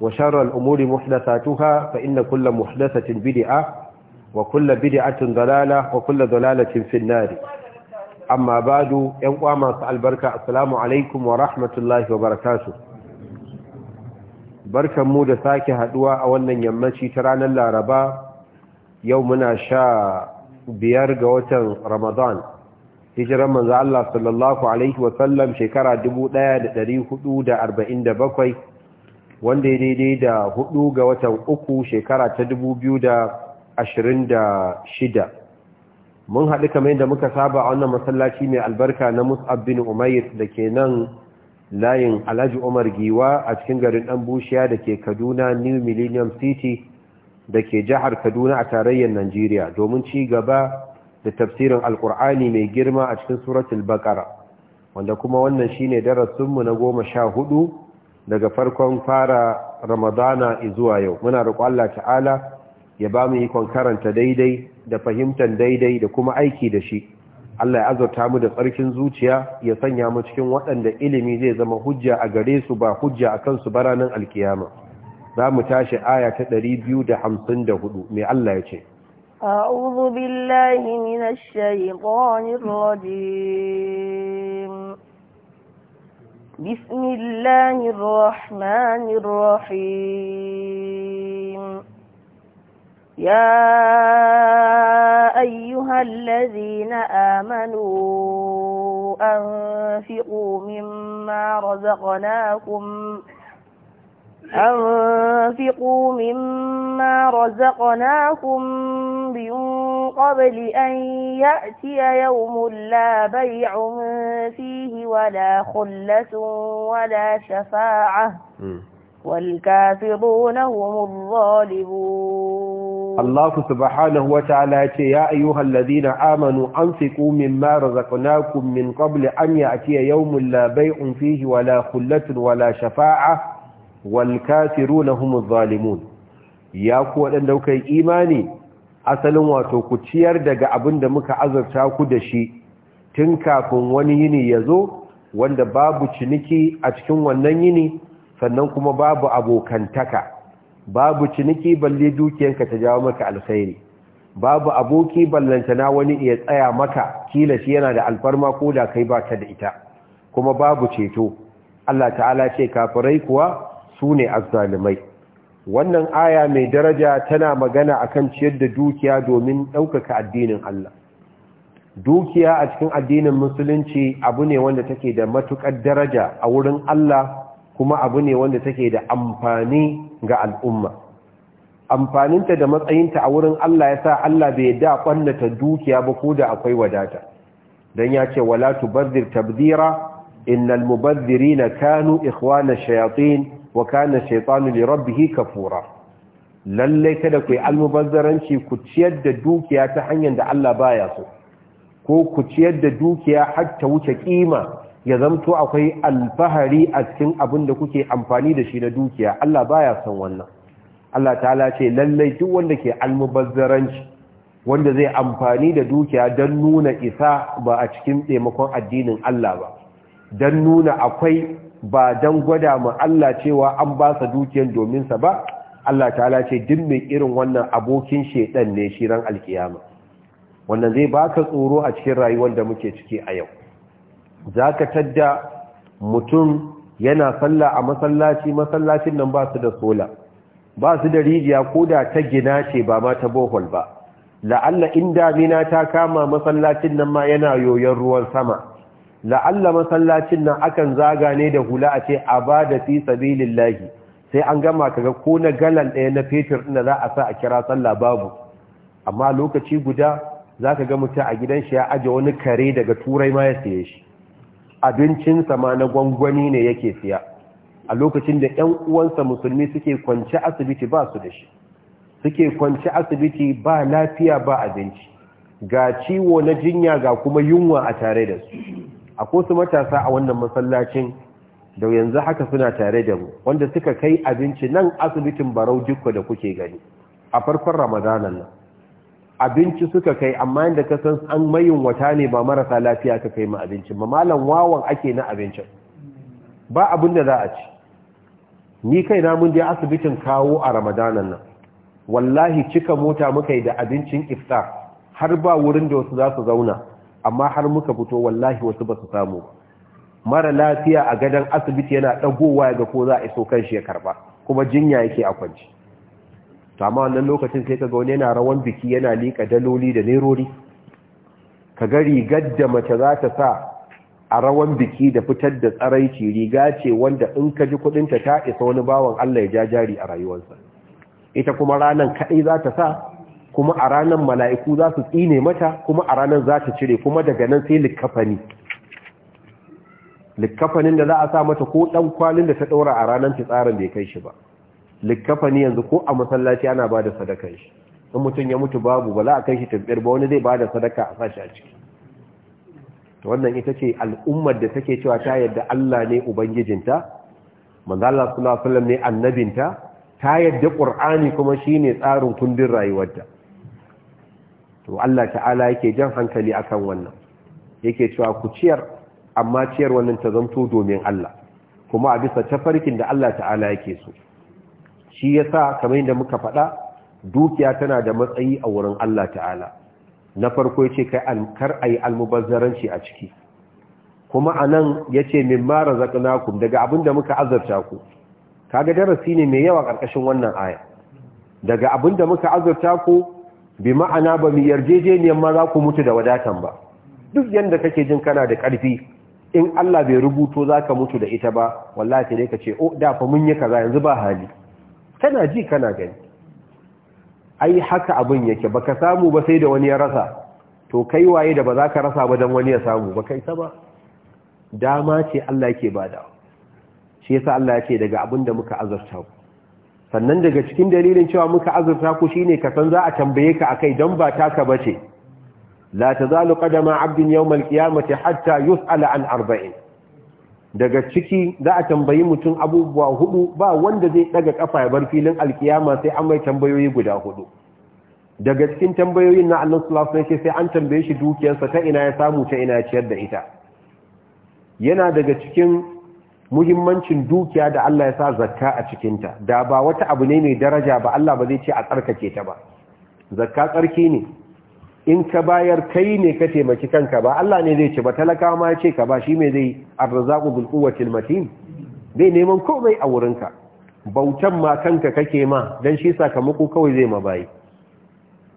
وشر الأمور محدثاتها فإن كل محدثة بدعة وكل بدعة ضلالة وكل ضلالة في النار أما بعد يوم البركة السلام عليكم ورحمة الله وبركاته barkan mu da sake haɗuwa a wannan yammaci ta ranar laraba yau muna sha biyar ga watan ramadan hijiran manzo Allah sallallahu alaihi wasallam shekara bakwai. wanda ya daidai da hudu ga watan uku shekara ta dubu biyu da ashirin da shida mun haɗu kamar yadda muka saba a wannan masallaci mai albarka na mus'ab bin umair da ke nan layin alhaji umar giwa a cikin garin ɗan bushiya da ke kaduna new millennium city da ke jihar kaduna a tarayyar najeriya domin ci gaba da tafsirin alkur'ani mai girma a cikin suratul bakara wanda kuma wannan shine darasinmu na goma sha hudu daga farkon fara ramadana izuwa yau muna roƙo Allah ta'ala ya ba mu ikon karanta daidai da fahimtar daidai da kuma aiki da shi Allah ya azurta mu da tsarkin zuciya ya sanya mu cikin waɗanda ilimi zai zama hujja a gare su ba hujja a kansu ba ranar alkiyama za mu tashi aya ta 254 mai Allah ya ce أعوذ بالله من الشيطان الرجيم بسم الله الرحمن الرحيم يا أيها الذين آمنوا أنفقوا مما رزقناكم من أنفقوا مما رزقناكم من قبل أن يأتي يوم لا بيع فيه ولا خلة ولا شفاعة والكافرون هم الظالمون الله سبحانه وتعالى يا أيها الذين آمنوا أنفقوا مما رزقناكم من قبل أن يأتي يوم لا بيع فيه ولا خلة ولا شفاعة wal kafiruna humuz zalimun ya ku ɗan kuka imani asalin wato ku ciyar daga abin da muka azurta ku da shi tun kafin wani yini yazo wanda babu ciniki a cikin wannan yini sannan kuma babu abokantaka babu ciniki balle dukiyanka ta jawo maka alkhairi babu aboki Ballanta na wani ya tsaya maka kila shi yana da alfarma ko da kai ba ta da ita kuma babu ceto Allah ta'ala ce kafirai kuwa su ne azzalimai wannan aya mai daraja tana magana akan ciyar da dukiya domin ɗaukaka addinin Allah dukiya a cikin addinin musulunci abu ne wanda take da matukar daraja a wurin Allah kuma abu ne wanda take da amfani ga al'umma amfaninta da matsayinta a wurin Allah ya sa Allah bai da kwannata dukiya ba ko da akwai wadata Dan ya ce wala tubazzir tabdira innal mubadhirina kanu ikhwana shayatin wakana kana shaytanu li rabbih kafura Lallai kada ku yi almubazzaranci ku ciyar da dukiya ta hanyar da Allah baya so ko ku ciyar da dukiya har ta wuce kima ya zamto akwai alfahari a cikin abin da kuke amfani da shi na dukiya Allah baya son wannan Allah ta'ala ce lallai duk wanda ke almubazzaranci wanda zai amfani da dukiya don nuna isa ba a cikin taimakon addinin Allah ba don nuna akwai ba don gwada mu Allah cewa an ba sa dukiyar sa ba Allah ta'ala ce duk mai irin wannan abokin shedan ne shi ran alkiyama wannan zai baka tsoro a cikin rayuwar da muke ciki a yau zaka tadda mutum yana sallah a masallaci masallacin nan ba su da sola ba su da rijiya ko da ta gina ce ba ma ta bohol ba la'alla in damina ta kama masallacin nan ma yana yoyon ruwan sama la'alla masallacin nan akan zaga ne da hula a ce abada fi sabilillahi sai an gama kaga ko na galan ɗaya na fetur ɗin da za a sa a kira sallah babu amma lokaci guda zaka ga mutum a gidan shi ya aje wani kare daga turai ma ya siye shi abincinsa ma na gwangwani ne yake siya a lokacin da ƴan uwansa musulmi suke kwance asibiti ba su da shi suke kwance asibiti ba lafiya ba abinci ga ciwo na jinya ga kuma yunwa a tare da su akwai su matasa a wannan masallacin da yanzu haka suna tare da mu wanda suka kai abinci nan asibitin barau jikko da kuke gani a farkon ramadanan nan abinci suka kai amma yadda ka san an mayin wata ne ba marasa lafiya ka kai ma abincin ba malam wawan ake na abincin ba abin da za a ci ni kai na mun je asibitin kawo a ramadanan nan wallahi cika mota muka yi da abincin iftar har ba wurin da wasu za su zauna amma har muka fito wallahi wasu ba su samu mara lafiya a gadon asibiti yana ɗagowa ga ko za a iso kan shi ya karɓa kuma jinya yake a kwanci to amma wannan lokacin sai ka ga wani yana rawan biki yana liƙa daloli da nerori ka ga rigar da mace za ta sa a rawan biki da fitar da tsaraici riga ce wanda in ka ji kudinta ta isa wani bawan Allah ya ja jari a rayuwarsa ita kuma ranan kaɗai za ta sa kuma a ranar mala'iku za su tsine mata kuma a ranar za ta cire kuma daga nan sai likkafani likkafanin da za a sa mata ko ɗan kwalin da ta ɗaura a ranar fitsarin bai kai shi ba likkafani yanzu ko a masallaci ana ba da sadaka shi in mutum ya mutu babu ba za a kai shi tafiyar ba wani zai ba da sadaka a sashi a ciki wannan ita ce al'ummar da take cewa ta yadda Allah ne ubangijinta manzo Allah sallallahu alaihi wasallam ne annabinta ta yadda Qur'ani kuma shine tsarin kundin rayuwarta to Allah ta'ala yake jan hankali akan wannan yake cewa ku ciyar amma ciyar wannan ta zanto domin Allah kuma a bisa tafarkin da Allah ta'ala yake so shi yasa kamar yadda muka faɗa dukiya tana da matsayi a wurin Allah ta'ala na farko yace kai kar ayi almubazzaranci a ciki kuma anan yace min mara razaqnakum daga abinda muka azarta ku kaga darasi ne mai yawa karkashin wannan aya daga abinda muka azarta ku bi ma'ana ba mu yarjejeniyar ma za ku mutu da wadatan ba duk yadda kake jin kana da ƙarfi in Allah bai rubuto za ka mutu da ita ba wallahi ne ka ce o oh, da mun yi kaza yanzu ba hali kana ji kana gani ai haka abin yake ka samu ba sai da wani ya rasa to kai waye da ba za ka rasa ba dan wani ya samu ba kai ta ba dama ce Allah yake bada shi yasa Allah ya ce daga abin da muka azurta ku sannan daga cikin dalilin cewa muka azurta ku shine ka san za a tambaye ka a kai don ba ta taka bace la tazalu qadama abdin yawm alqiyamati hatta yus'ala an arba'in daga ciki za a tambayi mutum abubuwa hudu ba wanda zai daga kafa ya bar filin alkiyama sai an mai tambayoyi guda hudu daga cikin tambayoyin na Allah sallallahu alaihi wasallam sai an tambaye shi dukiyarsa ta ina ya samu ta ina ya ciyar da ita yana daga cikin muhimmancin dukiya da Allah ya sa zakka a cikinta da ba wata abu ne mai daraja ba Allah ba zai ce a tsarkake ta ba zakka tsarki ne in ka bayar kai ne ka taimaki kanka ba Allah ne zai ce ba talaka ma ya ce ka ba shi me zai arzaku bil quwwatil matin bai neman komai a wurinka bautan ma kanka kake ma dan shi sakamako kawai zai ma bayi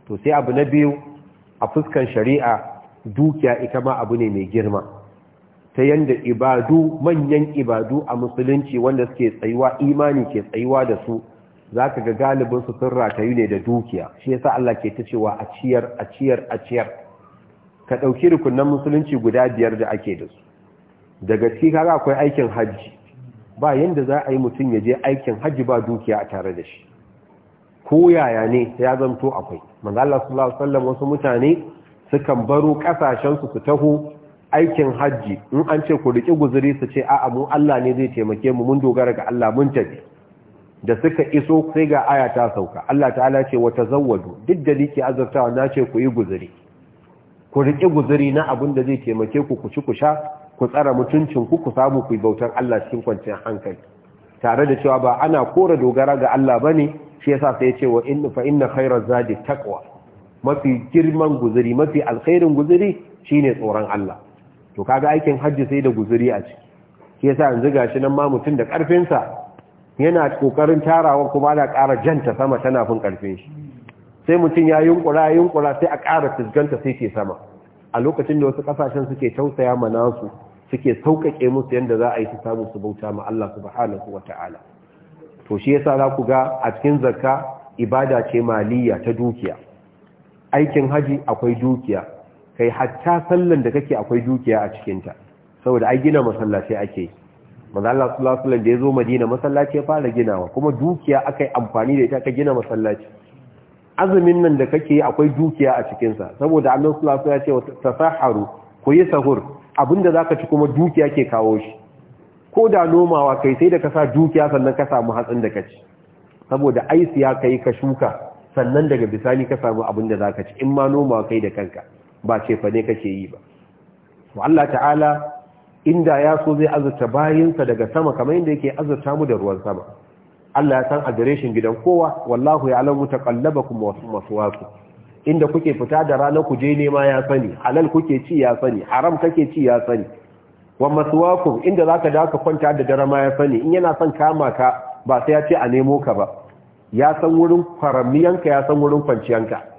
to sai abu na biyu a fuskan shari'a dukiya ita ma abu ne mai girma ta yanda ibadu manyan ibadu a musulunci wanda suke tsayuwa imani ke tsayuwa da su za ka ga galibin su sun ratayu ne da dukiya shi yasa Allah ke ta cewa a ciyar a ciyar a ciyar ka ɗauki rukunan musulunci guda biyar da ake da su daga ciki kaga akwai aikin hajji ba yanda za a yi mutum ya je aikin hajji ba dukiya a tare da shi ko yaya ne ya zanto akwai manzo Allah sallallahu alaihi wasallam wasu mutane sukan baro kasashen su su taho aikin hajji in an ce ku riƙi guzuri su ce a'a mu Allah ne zai taimake mu mun dogara ga Allah mun tafi da suka iso sai ga aya ta sauka Allah ta'ala ce wa tazawwadu duk da liki azurtawa na ce ku yi guzuri ku riƙi guzuri na abin da zai taimake ku ku ci ku sha ku tsara mutuncin ku ku samu ku bautar Allah cikin kwanciyar hankali tare da cewa ba ana kora dogara ga Allah bane shi yasa sai ya ce wa inna fa inna khairaz zadi taqwa mafi girman guzuri mafi alkhairin guzuri shine tsoron Allah to kaga aikin hajji sai da guzuri a ciki shi yasa yanzu gashi nan ma mutum da karfinsa yana kokarin tarawa kuma da ƙara janta sama tana fin karfin shi sai mutum ya yunkura yunkura sai a ƙara fuskanta sai ke sama a lokacin da wasu kasashen suke tausaya ma nasu suke sauƙaƙe musu yadda za a yi su samu su bauta ma Allah subhanahu wata'ala to shi yasa za ku ga a cikin zakka ibada ce maliya ta dukiya aikin haji akwai dukiya kai hatta sallan da kake akwai dukiya a cikinta saboda ai gina masallaci ake yi manzo Allah sallallahu alaihi wasallam da yazo Madina masallaci ya fara ginawa kuma dukiya akai amfani da ita ka gina masallaci azumin nan da kake akwai dukiya a cikin sa saboda Allah sallallahu alaihi wasallam ya ce tasaharu ku yi sahur abinda zaka ci kuma dukiya ke kawo shi ko da nomawa kai sai da ka sa dukiya sannan ka samu hatsin da kaci saboda ai siya kai ka shuka sannan daga bisani ka samu abinda zaka ci in ma nomawa kai da kanka ba ce fa ne kake yi ba Wa Allah ta'ala inda ya so zai azurta bayinsa daga sama kamar inda yake azurta mu da ruwan sama Allah ya san adireshin gidan kowa wallahu ya'lamu taqallabakum wa wasu. inda kuke fita da ranar ku je nema ya sani halal kuke ci ya sani haram kake ci ya sani wa maswaakum inda zaka da ka kwanta da dare ma ya sani in yana son kama ka ba sai ya ce a nemo ka ba ya san wurin faramiyanka ya san wurin kwanciyanka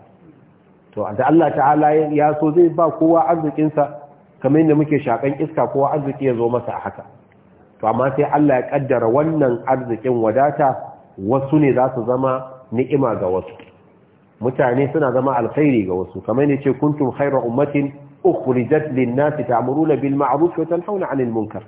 to da Allah ta'ala ya so zai ba kowa arzikinsa kamar yadda muke shakan iska kowa arziki ya zo masa a haka to amma sai Allah ya kaddara wannan arzikin wadata wasu ne za su zama ni'ima ga wasu mutane suna zama alkhairi ga wasu kamar ne ce kuntum khayra ummatin ukhrijat lin-nasi ta'muruna bil ma'ruf wa tanhauna 'anil munkar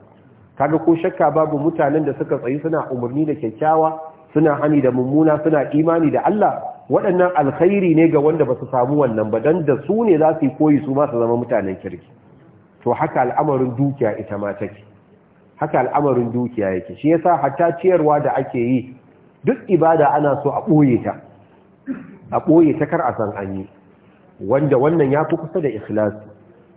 kaga ko shakka babu mutanen da suka tsayi suna umurni da kyakkyawa suna hani da mummuna suna imani da Allah waɗannan alkhairi ne ga wanda ba su samu wannan ba don da su ne za su yi koyi su masu zama mutanen kirki to haka al'amarin dukiya ita ma take haka al'amarin dukiya yake shi yasa hatta ciyarwa da ake yi duk ibada ana so a ɓoye ta a ɓoye ta kar a san an yi wanda wannan ya fi kusa da ikhlasi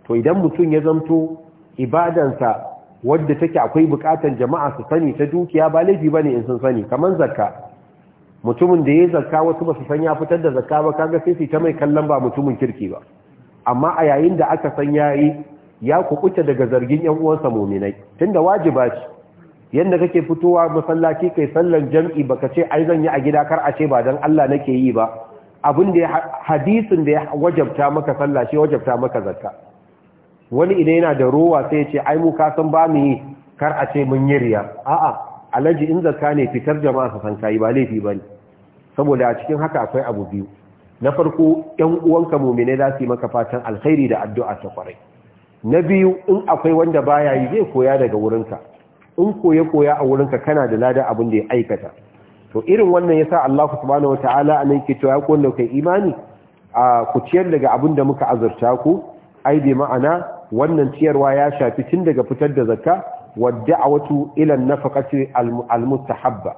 to idan mutum ya zamto ibadansa wadda take akwai bukatar jama'a su sani ta dukiya ba laifi bane in sun sani kamar zakka mutumin da ya zakka wasu basu san ya fitar da zakka ba kaga sai su ta mai kallon ba mutumin kirki ba amma a yayin da aka san yayi ya kukuta daga zargin yan uwansa muminai tunda wajiba ce yanda kake fitowa masallaci kai sallan jam'i baka ce ai zan yi a gida kar a ce ba dan Allah nake yi ba abin da hadisin da ya wajabta maka sallah shi wajabta maka zakka wani idan yana da rowa sai ya ce ai mu ka san ba mu yi kar a ce mun yi riya a'a alaji in zakka ne fitar jama'a su san kai ba laifi ba ne. saboda a cikin haka akwai abu biyu na farko ‘yan uwanka muminai za su yi maka fatan alkhairi da addu'a ta kwarai na biyu in akwai wanda baya yi zai koya daga wurinka in koya koya a wurinka kana da lada abin da ya aikata to irin wannan yasa Allah subhanahu wataala anan ke cewa ko da kai imani a ku ciyar daga abin da muka azurta ku ai bi ma'ana wannan ciyarwa ya shafi tun daga fitar da zakka wa da'awatu ila an-nafaqati al-mustahabba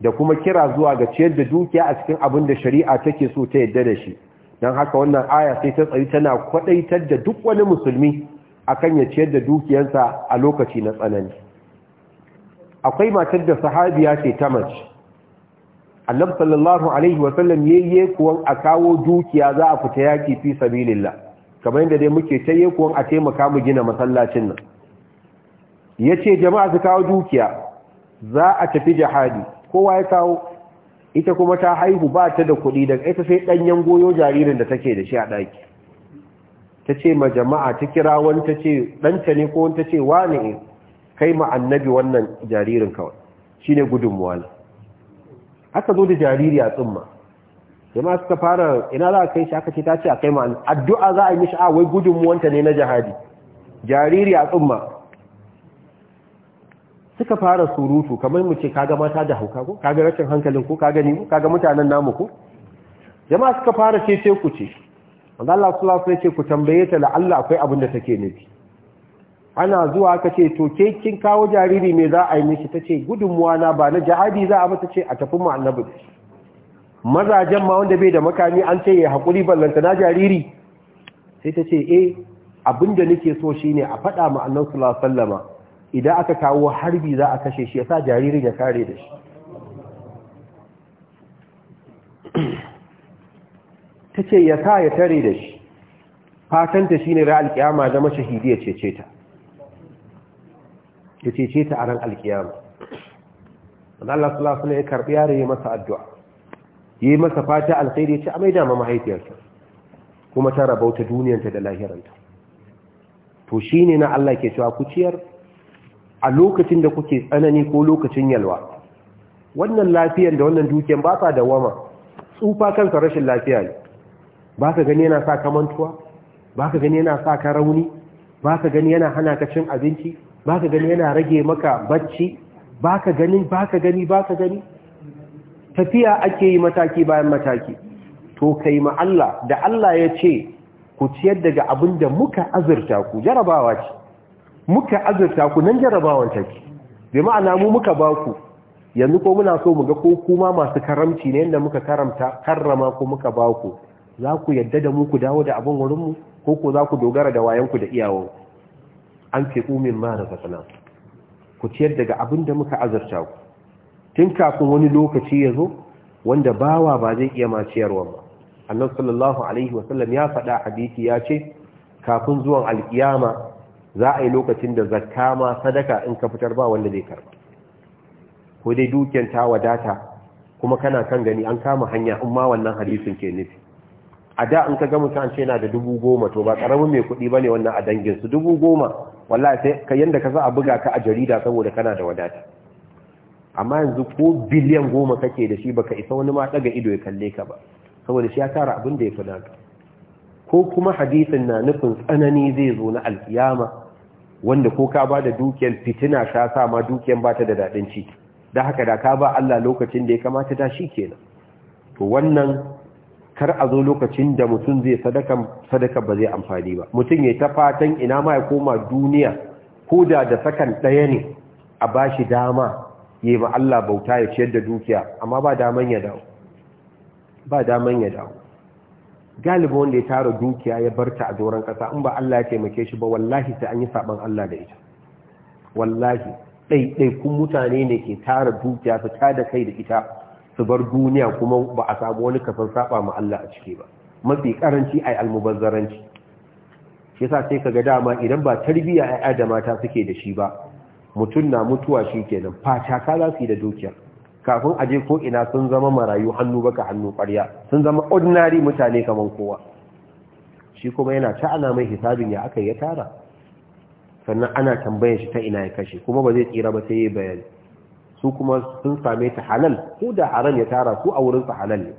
da kuma kira zuwa ga ciyar da dukiya a cikin abin da shari'a take so ta yadda da shi don haka wannan aya sai ta tsari tana kwadaitar da duk wani musulmi akan ya ciyar da dukiyarsa a lokaci na tsanani akwai matar da sahabiya ce ta mace annabi sallallahu alaihi wa sallam yayye kuwan a kawo dukiya za a fita yaki fi sabilillah kamar yadda dai muke ta yayye kuwan a taimaka mu gina masallacin nan yace jama'a su kawo dukiya za a tafi jihadi kowa ya kawo ita kuma ta haihu ba ta da kuɗi daga ita sai ɗanyen goyo jaririn da take da shi a ɗaki ta ce ma jama'a ta kira wani ta ce ɗanta ne ko wani ta ce wani kai ma annabi wannan jaririn kawai shi ne gudunmuwa ne aka zo da jariri a tsumma jama'a suka fara ina za a kai shi aka ce ta ce a kai ma addu'a za a yi mishi a ah, wai gudunmuwanta ne na jihadi jariri a tsumma suka fara surutu kamar mu ce kaga mata da hauka ko kaga rashin hankalin ko kaga ni kaga mutanen namu ko jama'a suka fara ce ce ku ce manzo Allah sallallahu alaihi ce ku tambaye ta la Allah akwai abin da take nufi ana zuwa aka ce to ke kin kawo jariri me za a yi mishi tace gudunmuwa na ba na jihadi za a mata ce a tafi mu annabi mazajen ma wanda bai da makami an ce ya hakuri ballanta na jariri sai tace ce eh abin da nake so shine a faɗa mu annabi sallallahu alaihi wasallama idan aka kawo harbi za a kashe shi ya sa jariri ya kare da shi ta ce ya sa ya tare da shi fatanta shi ne ra alkiyama zama shahidi ya cece ta ya cece ta a ran alkiyama wanda Allah su lafi ya karɓi yare ya masa addu'a ya yi masa fata alkhairi ya ce a mai dama mahaifiyarsa kuma ta rabauta duniyanta da lahiranta to shi ne na Allah ke cewa kuciyar. a lokacin da kuke tsanani ko lokacin yalwa wannan lafiyar da wannan dukiyar ba sa dawama tsufa kansa rashin lafiya ne ba ka gani yana sa ka ba ka gani yana sa ka rauni ba ka gani yana hana ka cin abinci ba ka gani yana rage maka bacci ba ka gani ba ka gani ba ka gani tafiya ake yi mataki bayan mataki to kai ma Allah da Allah ya ce ku ciyar daga abin da muka azurta ku jarabawa ce muka azurta ku nan jarabawan take bai ma'ana mu muka ba ku yanzu ko muna so mu ga ko kuma masu karamci ne yadda muka karamta karrama ko muka ba ku za ku yadda da mu ku dawo da abin wurinmu ko ko za ku dogara da wayanku da iyawon an fi umin ma razaqna ku ciyar daga abin da muka azurta ku tun kafin wani lokaci ya zo wanda bawa ba zai iya ma ciyarwa ba annabi sallallahu alaihi wasallam ya faɗa hadisi ya ce kafin zuwan alkiyama za a yi lokacin da zakka ma sadaka in ka fitar ba wanda zai karba ko dai dukiyar ta wadata kuma kana kan gani an kama hanya in ma wannan hadisin ke nufi a da in ka ga mutum ce yana da dubu goma to ba karamin mai kuɗi ba ne wannan a dangin su dubu goma wallahi sai ka yanda ka za a buga ka a jarida saboda kana da wadata amma yanzu ko biliyan goma kake da shi baka isa wani ma daga ido ya kalle ka ba saboda shi ya tara abin da ya fi naka ko kuma hadisin na nufin tsanani zai zo na alkiyama wanda ko ka ba da dukiyar fitina sha sa ma dukiyar ba ta da daɗin ci da haka da ka ba Allah lokacin da ya kamata ta shi kenan to wannan kar a zo lokacin da mutum zai sadaka sadaka ba zai amfani ba mutum ya ta fatan ina ma ya koma duniya ko da da sakan ɗaya ne a ba shi dama ya yi ma Allah bauta ya ciyar da dukiya amma ba daman ya dawo ba daman ya dawo galiba wanda ya tara dukiya ya barta a doron kasa in ba Allah ya taimake shi ba wallahi sai an yi saban Allah da ita wallahi ɗaiɗai kun mutane ne ke tara dukiya su tada kai da ita su bar duniya kuma ba a samu wani kasan saba ma Allah a ciki ba mafi karanci ai almubazzaranci shi yasa sai kaga dama idan ba tarbiya ai da mata suke da shi ba mutum na mutuwa shi kenan fata ka za su yi da dukiyar kafin a je ko ina sun zama marayu hannu baka hannu ƙwarya sun zama ordinary mutane kamar kowa shi kuma yana ta'ana mai hisabin ya aka ya tara sannan ana tambayar shi ta ina ya kashe kuma ba zai tsira ba sai ya bayani su kuma sun same ta halal ko da haram ya tara ko a wurinsa halal ne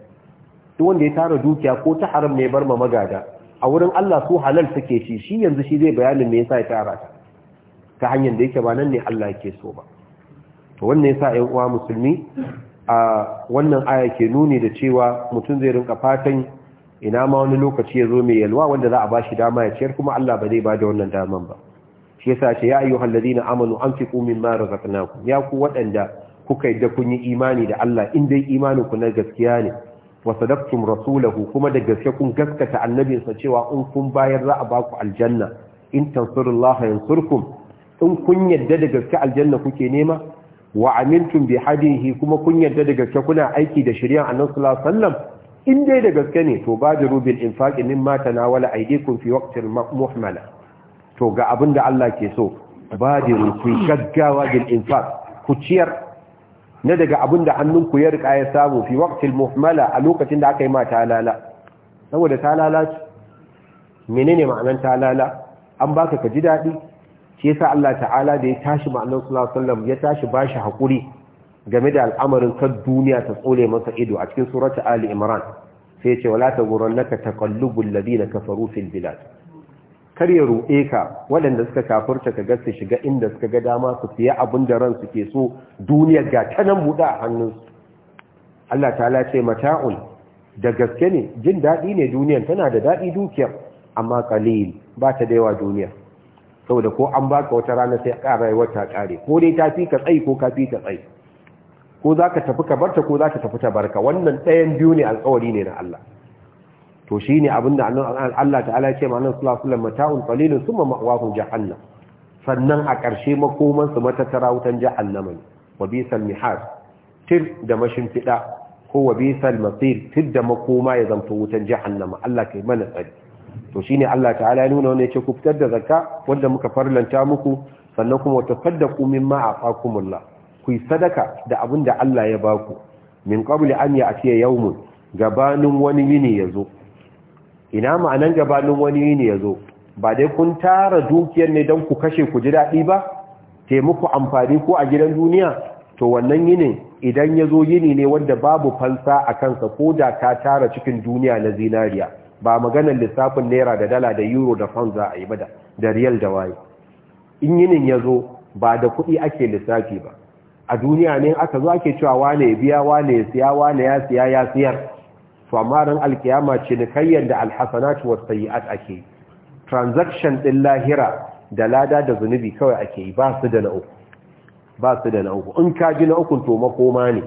duk wanda ya tara dukiya ko ta haram ne bar ma magada a wurin Allah su halal suke shi shi yanzu shi zai bayanin me yasa ya tara ta ta hanyar da yake ba nan ne Allah yake so ba to wannan yasa ƴan uwa musulmi a wannan aya ke nuni da cewa mutum zai rinka fatan ina ma wani lokaci ya zo mai yalwa wanda za a shi dama ya ciyar kuma Allah ba zai ba da wannan daman ba shi yasa ce ya ayyuhal ladina amanu kumin mimma razaqnakum ya ku waɗanda kuka yadda kun yi imani da Allah in dai imanin ku na gaskiya ne wa sadaqtum rasulahu kuma da gaske kun gaskata annabinsa cewa in kun bayar za a ba ku aljanna in tansurullaha yansurkum in kun yadda da gaske aljanna kuke nema wa amintum bi hadihi kuma kun yarda daga gaske kuna aiki da shari'a annabi sallallahu alaihi wasallam in dai da gaske ne to bajiru bil infaqi mimma tanawala aydikum fi waqtin muhmala to ga abinda Allah ke so bajiru ku gaggawa bil infaq ku ciyar na daga abinda hannunku ya rika ya samu fi waqtin muhmala a lokacin da aka yi ma talala saboda talala menene ma'anar talala an baka ka ji dadi shi yasa Allah ta'ala da ya tashi ma annabi sallallahu alaihi wasallam ya tashi bashi hakuri game da al'amarin kan duniya ta tsole masa ido a cikin surata ali imran sai ya ce wala ka taqallubul ladina kafaru fil bilad kar ya ruɗe ka waɗanda suka kafurta ka gasa shiga inda suka ga dama su fiye abin da ran ke so duniya ga ta nan buɗe a hannunsu Allah ta'ala ce mata'un da gaske ne jin daɗi ne duniyar tana da daɗi dukiyar amma kalil ba ta da yawa duniyar saboda ko an baka wata rana sai ka rayuwar ta kare ko dai ta fi ka tsai ko ka fi ka tsayi ko za ka tafi ka barta ko za ka tafi ta barka wannan ɗayan biyu ne alƙawari ne na Allah to shi ne abinda da Allah ta'ala ce ma nan sulasulan mata'un qalilun summa ma'wahum jahannam sannan a ƙarshe makoman su matattara wutan jahannama ne wa bisal mihas tir da mashin fiɗa, ko wa masir tir da makoma ya zanto wutan jahannama Allah kai mana tsari to shine Allah ta'ala ya nuna wannan yace ku fitar da zakka wanda muka farlanta muku sannan kuma tafaddaqu mimma aqakumullah ku yi sadaka da abin da Allah ya baku min qabli an ya'tiya yawmun gabanin wani yini yazo ina ma'anan gabanin wani yini yazo ba dai kun tara dukiyar ne don ku kashe ku ji daɗi ba Te muku amfani ko a gidan duniya to wannan yinin idan yazo zo yini ne wanda babu fansa a kansa ko da ka tara cikin duniya na zinariya ba maganar lissafin naira da dala da euro da pound za a yi ba da riyal da waye in yinin ya zo ba da kuɗi ake lissafi ba a duniya ne aka zo ake cewa wane biya wane siya wane ya siya ya siyar to amma ran alkiyama ce nikayyar da alhasanatu was sayyi'at ake transaction din lahira da lada da zunubi kawai ake yi ba su da na uku ba su da na in ka ji na uku to makoma ne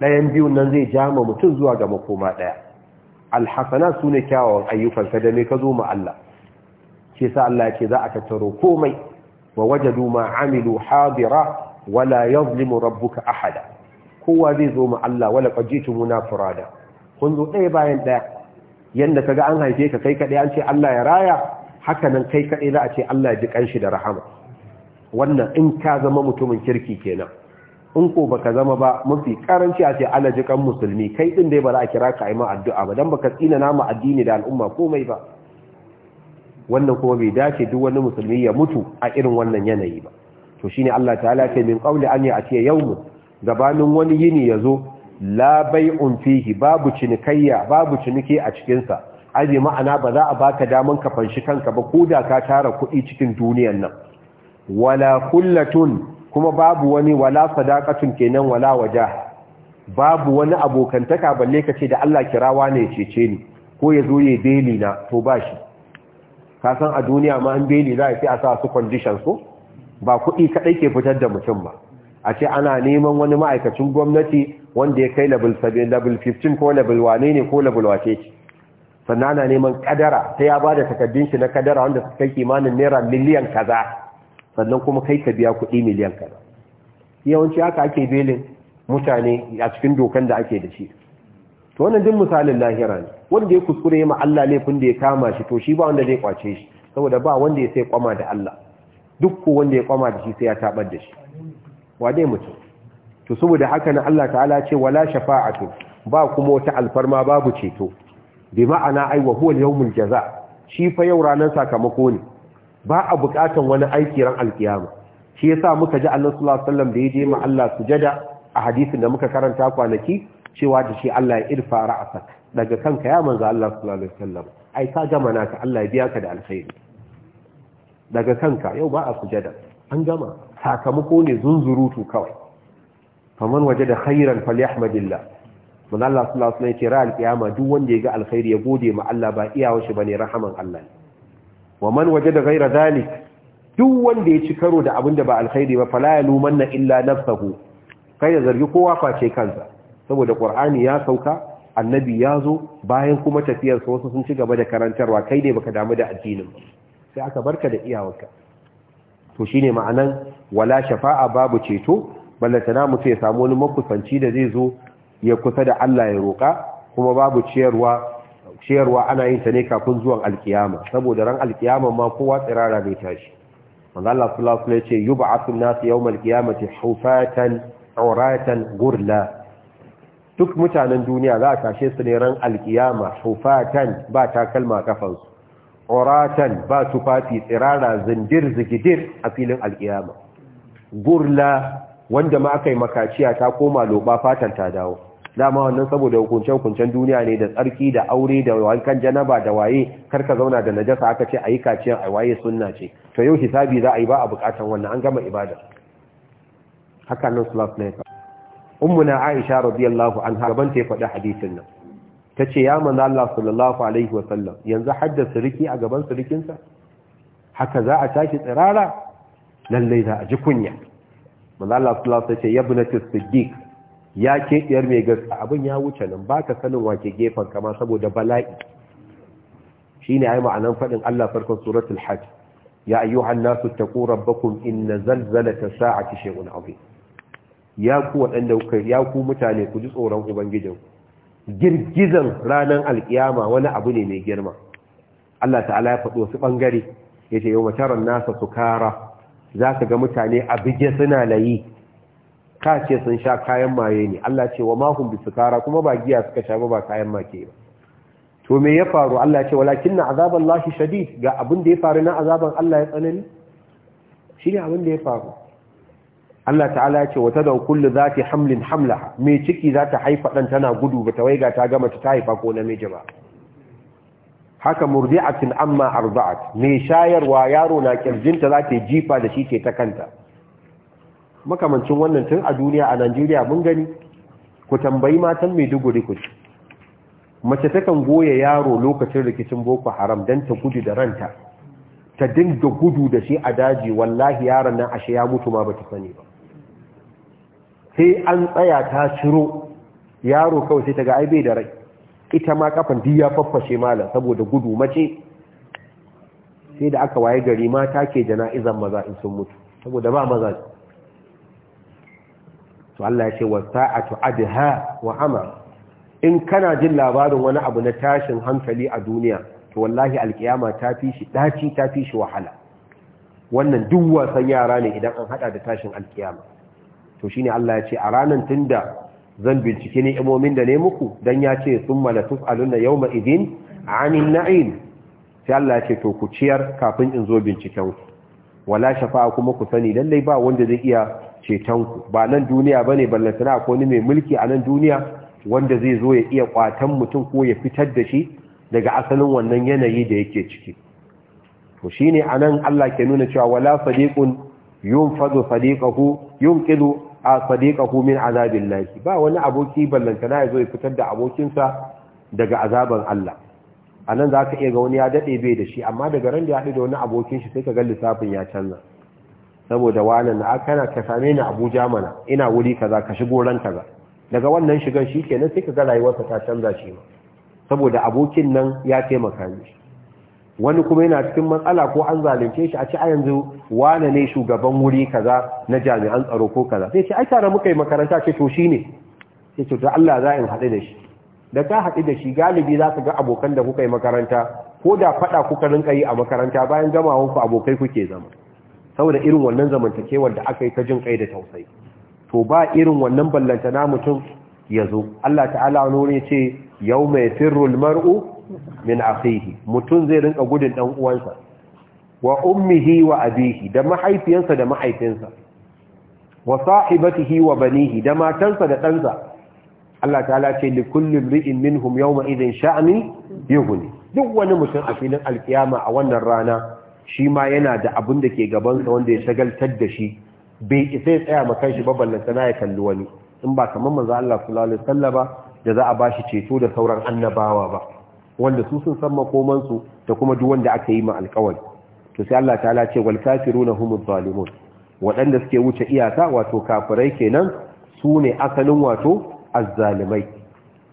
ɗayan biyun nan zai jama mutum zuwa ga makoma ɗaya alhasana sune kyawawan kyawawan ayyukanka da me ka zo ma Allah Ke sa Allah ce za a tattaro komai wa wajadu ma amilu hadira wala yazlimu rabbuka ahada kowa zai zo ma Allah wala qajitumuna furada kun zo ɗaya bayan ɗaya yanda kaga an haife ka kai kadai an ce Allah ya raya haka nan kai kadai za a ce Allah ya ji kanshi da rahama wannan in ka zama mutumin kirki kenan in ko baka zama ba mafi karanci a ce alajikan musulmi kai din dai ba za a kira ka ma addu'a ba dan baka tsina nama addini da al'umma komai ba wannan kuma bai dace duk wani musulmi ya mutu a irin wannan yanayi ba to shine Allah ta'ala ce min qawli an ya atiya yawm gabanin wani yini yazo la Labai fihi babu cinikayya babu ciniki a cikin sa aje ma'ana ba za a baka daman ka fanshi kanka ba koda ka tara kuɗi cikin duniyar nan wala kullatun kuma babu wani wala sadaqatun kenan wala waja babu wani abokantaka balle kace da Allah kirawa ne cece ni ko ya zo ya beli na to ba shi ka san a duniya ma an beli za a fi a sa su condition ko ba kuɗi kaɗai ke fitar da mutum ba a ce ana neman wani ma'aikacin gwamnati wanda ya kai level 7 level 15 ko level wane ne ko level wace ce sannan ana neman kadara ta ya bada takaddun shi na kadara wanda suka kai kimanin naira miliyan kaza sannan kuma kai ka biya kuɗi miliyan kaza yawanci haka ake belin mutane a cikin dokan da ake da shi to wannan din misalin lahira ne wanda ya kuskure ma Allah laifin da ya kama shi to shi ba wanda zai kwace shi saboda ba wanda ya sai kwama da Allah duk ko wanda ya kwama da shi sai ya tabar da shi wa dai mutum to saboda haka nan Allah ta'ala ce wala shafa'atu ba kuma wata alfarma babu ceto bi ma'ana ai wa huwa yawmul jaza shi fa yau ranar sakamako ne ba a bukatan wani aiki ran alkiyama shi yasa muka ji Allah sallallahu alaihi wasallam da yaje ma Allah sujada a hadisin da muka karanta kwanaki cewa da shi Allah ya irfa ra'asak daga kanka ya manzo Allah sallallahu alaihi wasallam ai ka gama na ka Allah ya biya ka da alkhairi daga kanka yau ba a sujada an gama sakamako ne zunzurutu kawai faman wajada khairan falyahmadillah manzo Allah sallallahu alaihi wasallam ya ce ra'al qiyama duk wanda ya ga alkhairi ya gode ma Allah ba iyawo shi bane rahaman Allah ne wa man wajada ghayra zalik duk wanda ya ci karo da abin da ba alkhairi ba fala yalumanna illa nafsuhu kai da zargi kowa face kansa saboda qur'ani ya sauka annabi ya zo bayan kuma tafiyar sa wasu sun ci gaba da karantarwa kai ne baka damu da addinin sai aka barka da iyawarka to shine ma'anan wala shafa'a babu ceto tana mutu ya samu wani makusanci da zai zo ya kusa da Allah ya roka kuma babu ciyarwa ciyarwa ana yin ta ne kafin zuwan alkiyama saboda ran alkiyama ma kowa tsirara zai tashi manzo Allah sallallahu alaihi wasallam ce yub'athu an-nas yawm al-qiyamati hufatan uratan gurla duk mutanen duniya za a tashe su ne ran alkiyama hufatan ba takalma kafansu uratan ba tufafi tsirara zindir zigidir a filin alkiyama gurla wanda ma aka yi makaciya ta koma loba fatan ta dawo dama wannan saboda hukunce-hukuncen duniya ne da tsarki da aure da wankan janaba da waye karka zauna da najasa aka ce a yi kaciyan a waye sunna ce to yau hisabi za a yi ba a bukatan wannan an gama ibada haka nan su sulat ne ummuna aisha radiyallahu anha gaban ta faɗi hadisin nan Ta ce ya manzo Allah sallallahu alaihi wasallam yanzu haddasa riki a gaban surikinsa haka za a tashi tsirara lallai za a ji kunya manzo Allah sallallahu alaihi wasallam ya ibnatu siddiq ya ke ɗiyar mai gaske abin ya wuce nan ba baka sanin wake gefen kama saboda bala'i Shi ne a yi ma'anan faɗin Allah farkon suratul hajj ya ayyuhan nasu ta rabbakum inna zalzalata sa'ati shekun abu ya ku waɗanda kuka ya ku mutane ku ji tsoron ubangijin girgizan ranar alkiyama wani abu ne mai girma Allah ta'ala ya faɗo su bangare ya yawma taran nasa su kara. Za ka ga mutane a bige suna layi ka ce sun sha kayan maye ne Allah ce wa mahun bi sukara kuma ba giya suka sha ba ba kayan make ba to me ya faru Allah ce na azaban azaballahi shadid ga abin da ya faru na azaban Allah ya tsanani ne abin da ya faru Allah ta'ala ya ce wata da kullu zati hamlin hamla. me ciki za ta haifa dan tana gudu ba ta waiga ta gama ta haifa ko namiji ba haka murdi'atin amma arba'at me shayarwa yaro na kirjinta za ta jifa da shi ce ta kanta makamancin wannan tun a duniya a Najeriya mun gani ku tambayi matan Maiduguri ku mace takan goye yaro lokacin rikicin Boko Haram dan ta gudu da ranta ta dinga gudu da shi a daji wallahi yaron nan ashe ya mutu ma bata sani ba sai an tsaya ta shiro yaro kawai sai ta ga ai bai da rai ita ma kafan duk ya faffashe malam saboda gudu mace sai da aka waye gari mata ke jana'izan maza in sun mutu saboda ba maza to Allah ya ce wa sa'atu adha wa in kana jin labarin wani abu na tashin hankali a duniya to wallahi alkiyama ta fi shi daci ta fi shi wahala wannan duk wasan yara ne idan an hada da tashin alkiyama to shine Allah ya ce a ranan tunda zan bincike ne imomin da ne muku dan ya ce summa la tus'aluna yawma idin anin na'im sai Allah ya ce to ku ciyar kafin in zo binciken ku wala shafa'a kuma ku sani lallai ba wanda zai iya ceton ku ba nan duniya bane ballantana ko ni mai mulki a nan duniya wanda zai zo ya iya kwatan mutum ko ya fitar da shi daga asalin wannan yanayi da yake ciki to shine anan Allah ke nuna cewa wala sadiqun yunfadu sadiqahu yunqidu a sadiqahu min azabillahi ba wani aboki ballantana ya zo ya fitar da abokinsa daga azaban Allah a nan za ka iya ga wani ya daɗe bai da shi amma daga ran da ya haɗu da wani abokin shi sai ka ga lissafin ya canza saboda wannan na kana ka same ni abuja mana ina wuri kaza ka shigo ran kaza daga wannan shigan shi kenan sai ka ga rayuwarsa ta canza shi ma saboda abokin nan ya taimaka ni. wani kuma yana cikin matsala ko an zalunce shi a ce a yanzu wane ne shugaban wuri kaza na jami'an tsaro ko kaza sai ce ai tare muka yi makaranta ce to shine sai ce to Allah za in haɗu da shi da ka haɗu da shi galibi za su ga abokan da kuka yi makaranta ko da faɗa kuka rinka yi a makaranta bayan gamawa ku abokai kuke zama saboda irin wannan zamantakewar da aka yi ta jin kai da tausayi to ba irin wannan ballanta na mutum ya zo Allah ta'ala nuri ce yau mai firrul mar'u min akhihi mutum zai rinka gudun dan uwansa wa ummihi wa abihi da mahaifiyansa da mahaifinsa wa sahibatihi wa banihi da matansa da ɗansa Allah ta'ala ce li kulli imri'in minhum yawma idhin sha'ni yughni duk wani mutum a filin alkiyama a wannan rana shi ma yana da abin da ke gabansa wanda ya shagaltar da shi bai isa ya tsaya ma kanshi baballanta na ya kalli wani in ba kamar manzo Allah sallallahu alaihi wasallama da za a bashi ceto da sauran annabawa ba wanda su sun san makoman su da kuma duk wanda aka yi ma alƙawari to sai Allah ta'ala ce wal kafiruna humuz zalimun waɗanda suke wuce iyaka wato kafirai kenan su ne asalin wato azzalimai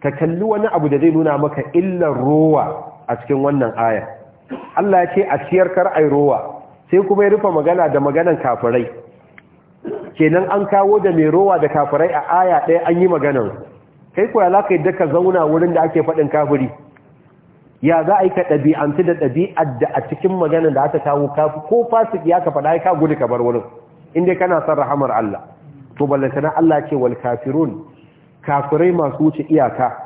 ka kalli wani abu da zai nuna maka illar rowa a cikin wannan aya Allah ya ce a ciyar kar ai rowa sai kuma ya rufe magana da maganan kafirai kenan an kawo da mai rowa da kafirai a aya ɗaya an yi maganan kai kuwa za ka yi ka zauna wurin da ake faɗin kafiri ya za a yi ka ɗabi'antu da ɗabi'ar da a cikin maganan da aka kawo kafi ko fasik ya ka faɗa ya ka gudu ka bar wurin inda kana son rahamar Allah to ballantana Allah ce wal kafirun kafirai masu wuce iyaka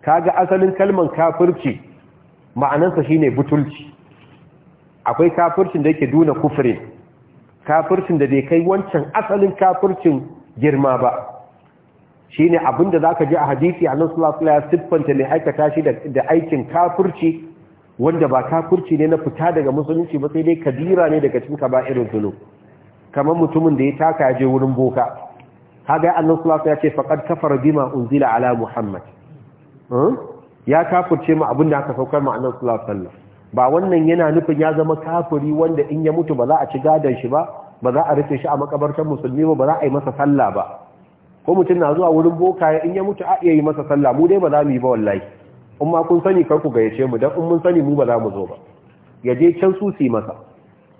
Ka ga asalin kalman kafirci ma'anansa shine butulci akwai kafircin da yake duna kufri kafircin da bai kai wancan asalin kafircin girma ba shine abinda zaka ji a hadisi nan sallallahu alaihi wasallam siffanta ne aikata shi da aikin kafirci wanda ba kafirci ne na fita daga musulunci ba sai dai kadira ne daga cikin kaba'irin zulu kamar mutumin da ya taka ya je wurin boka kaga annabi sallallahu ya ce faqad kafara bima unzila ala muhammad hmm? ya kafurce mu abinda aka saukar mu annabi sallallahu alaihi ba wannan yana nufin ya zama kafiri wanda in ya mutu ba za a ci gadon shi ba ba za a rufe shi a makabartar musulmi ba ba za a yi masa sallah ba ko mutum na zuwa wurin boka in ya mutu a iya yi masa sallah mu dai ba za mu yi ba wallahi in ma kun sani kar ku gayyace mu dan in mun sani mu ba za mu zo ba ya je can su su masa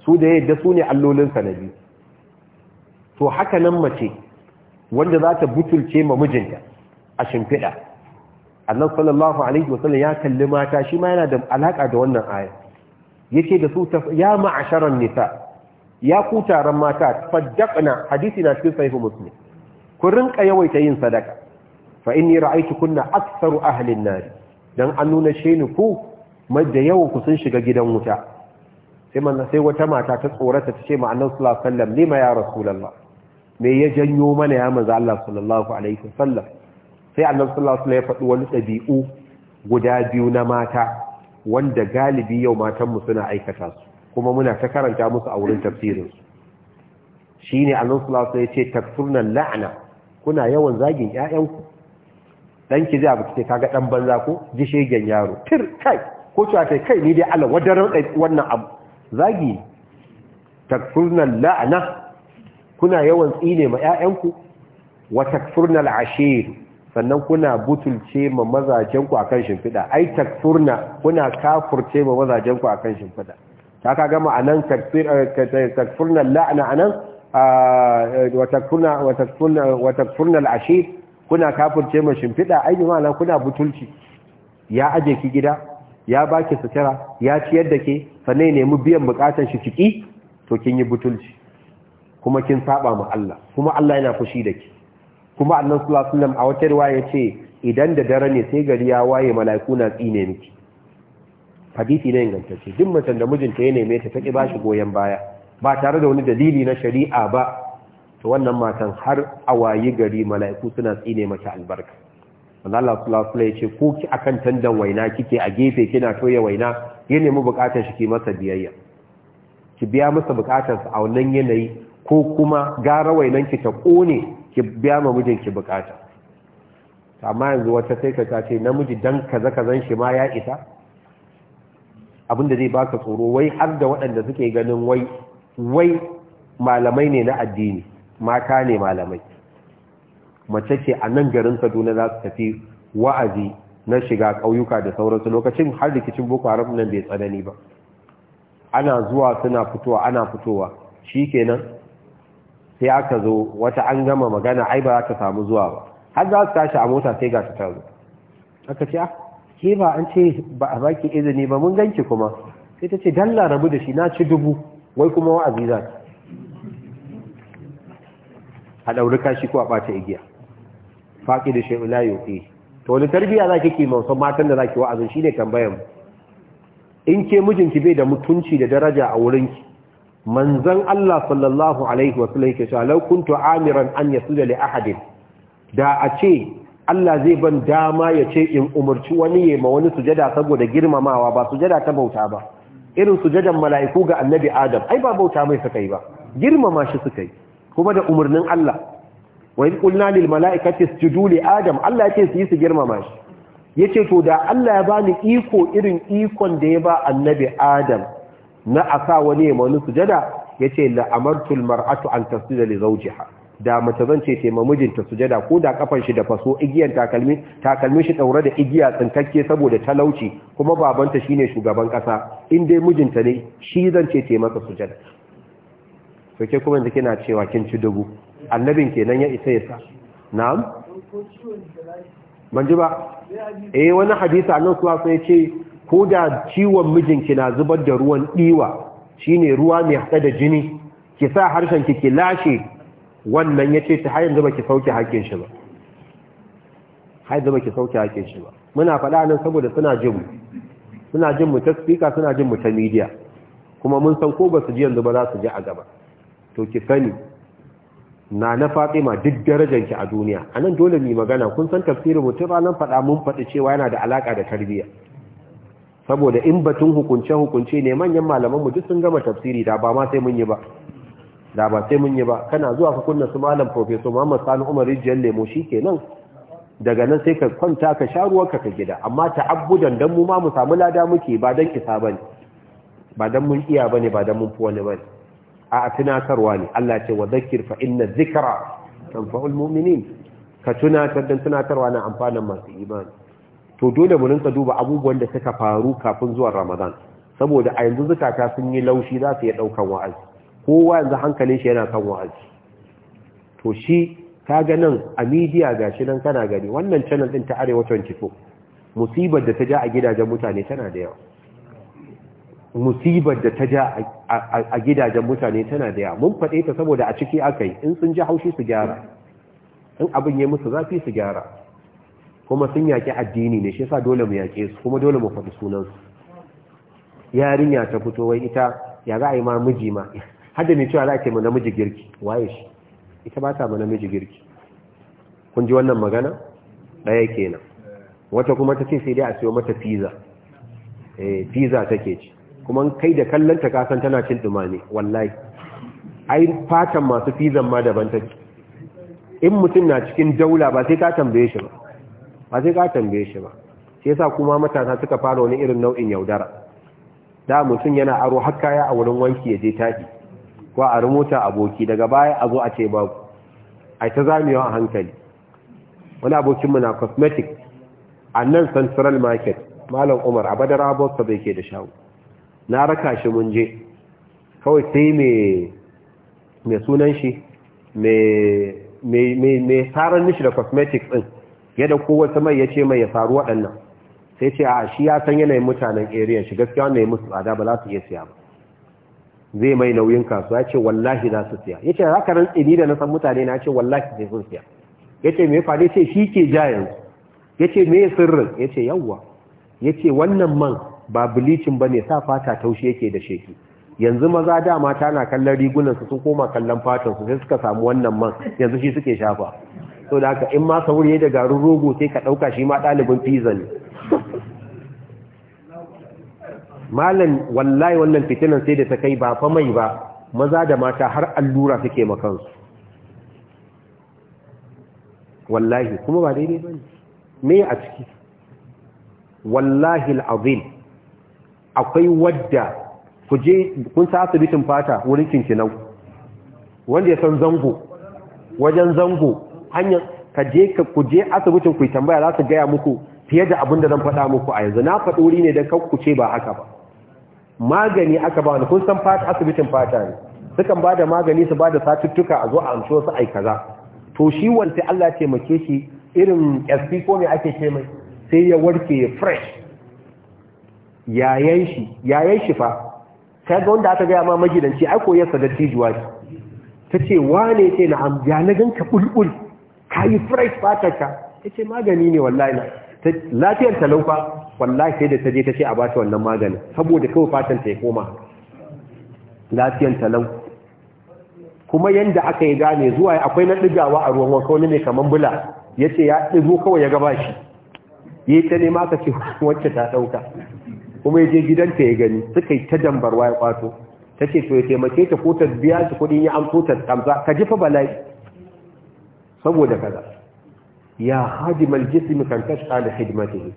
su da yadda su ne allolin sa na biyu to haka nan mace wanda za ta butulce ma mijinta a shimfiɗa annan sallallahu alaihi wasallam ya kalli mata shi ma yana da alaƙa da wannan aya yake da su ya ma'asharan nisa ya ku taron mata faddaqna hadisi na cikin sahihu musulmi. ku rinka yawaita yin sadaka fa inni ra'aytukunna kunna ahli ahalin nar Don an nuna sheni ku madda yawan ku sun shiga gidan wuta sai sai wata mata ta tsorata ta ce ma sallallahu alaihi wasallam ma ya rasulullah me ya janyo mana ya maza Allah sallallahu alaihi wasallam sai annabi sallallahu alaihi wasallam ya faɗi wani ɗabi'u guda biyu na mata wanda galibi yau matanmu suna aikata su kuma muna ta karanta musu a wurin tafsirin su shine annabi sallallahu alaihi wasallam ya ce takfurnan la'na kuna yawan zagin ƴaƴan ku. dan ki ji abu kike kaga dan banza ko ji shegen yaro tir kai ko cewa kai kai ni dai Allah wadaran wannan abu zagi takfurna la'na kuna yawan tsine ma 'ya'yanku wa takfurna al'ashir sannan kuna butulce ma mazajen ku akan shimfida ai takfurna kuna kafurce ma mazajen ku akan shimfida ta ka gama anan takfir eh, takfurna la'na anan wa takfurna wa takfurna wa takfurna al'ashir kuna kafurce ma shimfida ai ma'ana kuna butulci ya aje ki gida ya baki sutura ya ciyar da ke sannan ne mu biyan bukatun shi ciki to kin yi butulci kuma kin saba ma Allah kuma Allah yana fushi da ki kuma annan sallallahu alaihi a wata riwaya yace idan da dare ne sai gari ya waye mala'iku na tsine miki hadisi ne ce, duk macen da mijinta ya neme ta take bashi goyen baya ba tare da wani dalili na shari'a ba to wannan matan har a waye gari mala'iku suna tsine mata albarka Allah sallallahu alaihi yace ko ki akan tandan waina kike a gefe kina toye waina ya nemi bukatar shi ki masa biyayya ki biya masa bukatar sa a wannan yanayi ko kuma gara wainan ki ta ƙone ki biya ma mijin ki bukata amma yanzu wata sai ka ce namiji dan kaza kazan shi ma ya isa abinda zai baka tsoro wai har da waɗanda suke ganin wai wai malamai ne na addini mata ne malamai mace ce a nan garin Kaduna za su tafi wa'azi na shiga ƙauyuka da sauransu lokacin har rikicin boko haram nan bai tsanani ba ana zuwa suna fitowa ana fitowa shikenan sai aka zo wata an gama magana ai ba ta samu zuwa ba har za su tashi a mota sai ga ta tazo aka ce ah, ke ba an ce ba a baki izini ba mun ganki kuma sai ta ce dan la rabu da shi na ci dubu wai kuma wa aziza a ɗauri kashi ko a ɓata igiya faƙi da shi'u la yuƙi to wani tarbiyya za ki kima son matan da za ki wa'azin shi ne tambayan in ke mijinki bai da mutunci da daraja a wurinki Manzan Allah sallallahu alaihi wa sallam yake cewa law amiran an yasuda li ahadin da a ce Allah zai ban dama ya ce in umarci wani ya ma wani sujada saboda girmamawa ba sujada ta bauta ba irin sujadan mala'iku ga annabi Adam ai ba bauta mai suka yi ba girmama shi suka yi kuma da umarnin Allah wa idh qulna lil mala'ikati isjudu li adam Allah yace su yi su girmama shi yace to da Allah ya bani iko irin ikon da ya ba annabi adam na asa wani ya wani sujada ya ce amartul mar'atu an tasjuda li zawjiha da mace zan ce ce mijinta sujada ko da kafan shi da faso igiyan takalmi takalmi shi daure da igiya tsinkakke saboda talauci kuma babanta shine shugaban kasa in dai mijinta ne shi zan ce ce masa sujada to ke kuma yanzu kina cewa kin ci dubu annabin kenan ya isa yasa na'am ban ji ba eh wani hadisi annabi sallallahu alaihi wasallam ya ce ko da ciwon mijinki na zubar da ruwan ɗiwa shine ruwa mai haɗa da jini ki sa harshen ki ki lashe wannan ya ce ta hayan yanzu ki sauke shi ba hayan ki sauke haƙƙin shi ba muna faɗa nan saboda suna jin mu suna jin mu ta speaker suna jin mu ta media kuma mun san ko ba su ji yanzu ba za su ji a gaba to ki sani na na Fatima duk darajar ki a duniya a nan dole mu magana kun san tafsirin mutum ranan faɗa mun faɗi cewa yana da alaƙa da tarbiyya saboda in batun hukunce hukunce ne manyan malaman mu duk sun gama tafsiri da ba ma sai mun yi ba da ba sai mun yi ba kana zuwa ka kunna su malam professor Muhammad Sani Umar Rijiyar Lemo shikenan daga nan sai ka kwanta ka sha ruwa ka gida amma ta'abbudan dan mu ma mu samu lada muke ba dan kisa bane ba dan mun iya bane ba dan mun fi wani bane a tunatarwa ne Allah ce wa zakir fa inna zikra tanfa'ul mu'minin ka tunatar dan tunatarwa na amfanin masu imani to dole mu rinka duba abubuwan da suka faru kafin zuwan ramadan saboda a yanzu zakata sun yi laushi za su iya ɗaukan wa'azi kowa yanzu hankalin shi yana kan wa'azi to shi ka ga nan a midiya gashi nan kana gani wannan channel ɗin ta arewa 24 musibar da ta ja a gidajen mutane tana da yawa musibar da ta ja a gidajen mutane tana da yawa mun faɗe ta saboda a ciki aka yi in sun ji haushi su gyara in abin ya musu zafi su gyara kuma sun yaƙi addini ne shi sa dole mu yaƙe su kuma dole mu faɗi sunansu yarinya ta fito wai ita ya za a yi ma miji ma Hadda mai cewa za a ce ma namiji girki waye shi ita ba ta ma namiji girki kun ji wannan magana ɗaya kenan wata kuma ta ce sai dai a siyo mata pizza eh pizza take ci kuma kai da kallon ta kasan tana cin dumame wallahi ai fatan masu pizza ma daban take in mutum na cikin daula ba sai ka tambaye shi ba ba sai ka tambaye shi ba sai yasa kuma matasa suka fara wani irin nau'in yaudara da mutum yana aro har kaya a wurin wanki ya je taki ko a rumota aboki daga baya a zo a ce ba ai ta zamewa a hankali wani mu na cosmetic a nan central market malam umar a badar abuwa bai ke da shawo na raka shi mun je kawai sai mai sunan shi mai tsarar nishi da cosmetics din Yadda ko kowace mai ya ce mai ya faru waɗannan sai ce a shi ya san yanayin mutanen area shi gaskiya wannan ya musu tsada ba za su iya siya ba zai mai nauyin kasuwa ya ce wallahi za su siya ya ce za ka ran tsini da na san mutane na ce wallahi sai sun siya ya ce mai faɗi ce shi ke ja yanzu ya ce mai sirrin ya ce yawwa ya ce wannan man ba bilicin ba ne sa fata taushe yake da sheki yanzu maza dama tana kallon rigunansu sun koma kallon fatansu sai suka samu wannan man yanzu shi suke shafa so da haka in ma sahur yayi da garin rogo sai ka ɗauka shi ma dalibin pizza ne Mallan wallahi wannan fitinan sai da ta kai ba fa mai ba maza da mata har allura suke makansu wallahi kuma ba daidai ba me a ciki wallahi al'azim akwai wadda kuje kun sa asibitin fata wurin kinkinau wanda ya san zango wajen zango hanyar ka je ka kuje asibitin ku tambaya za su gaya muku fiye da abin da zan faɗa muku a yanzu na faɗo ri ne don kanku ce ba haka ba magani aka ba wani kun san fata asibitin fata ne sukan ba da magani su ba da satuttuka a zo a amshi wasu ai kaza to shi wanda Allah ya taimake shi irin SP ko me ake ce mai sai ya warke fresh yayan shi yayan shi fa sai ga wanda aka gaya ma magidanci ai koyar sa dattijuwa ta ce wane ce na am ya na ganka bulbul ka yi fresh fatarka ya ce magani ne wallahi na lafiyar talofa wallahi sai da ta je ta ce a ba ta wannan magani, saboda kawai fatan ta ya koma lafiyar talau kuma yadda aka yi gane zuwa akwai na ɗigawa a ruwan wanka wani mai kamar bula ya ce ya ɗigo kawai ya gaba shi ya ta nema ka ce wacce ta ɗauka kuma ya je gidanta ya gani suka yi ta dambarwa ya kwato ta ce to ya taimake ta ko ta biya su kuɗin ya amso ta tamsa ka jifa bala'i saboda kaza ya hajimal jismi kan tashqa li hidmatihi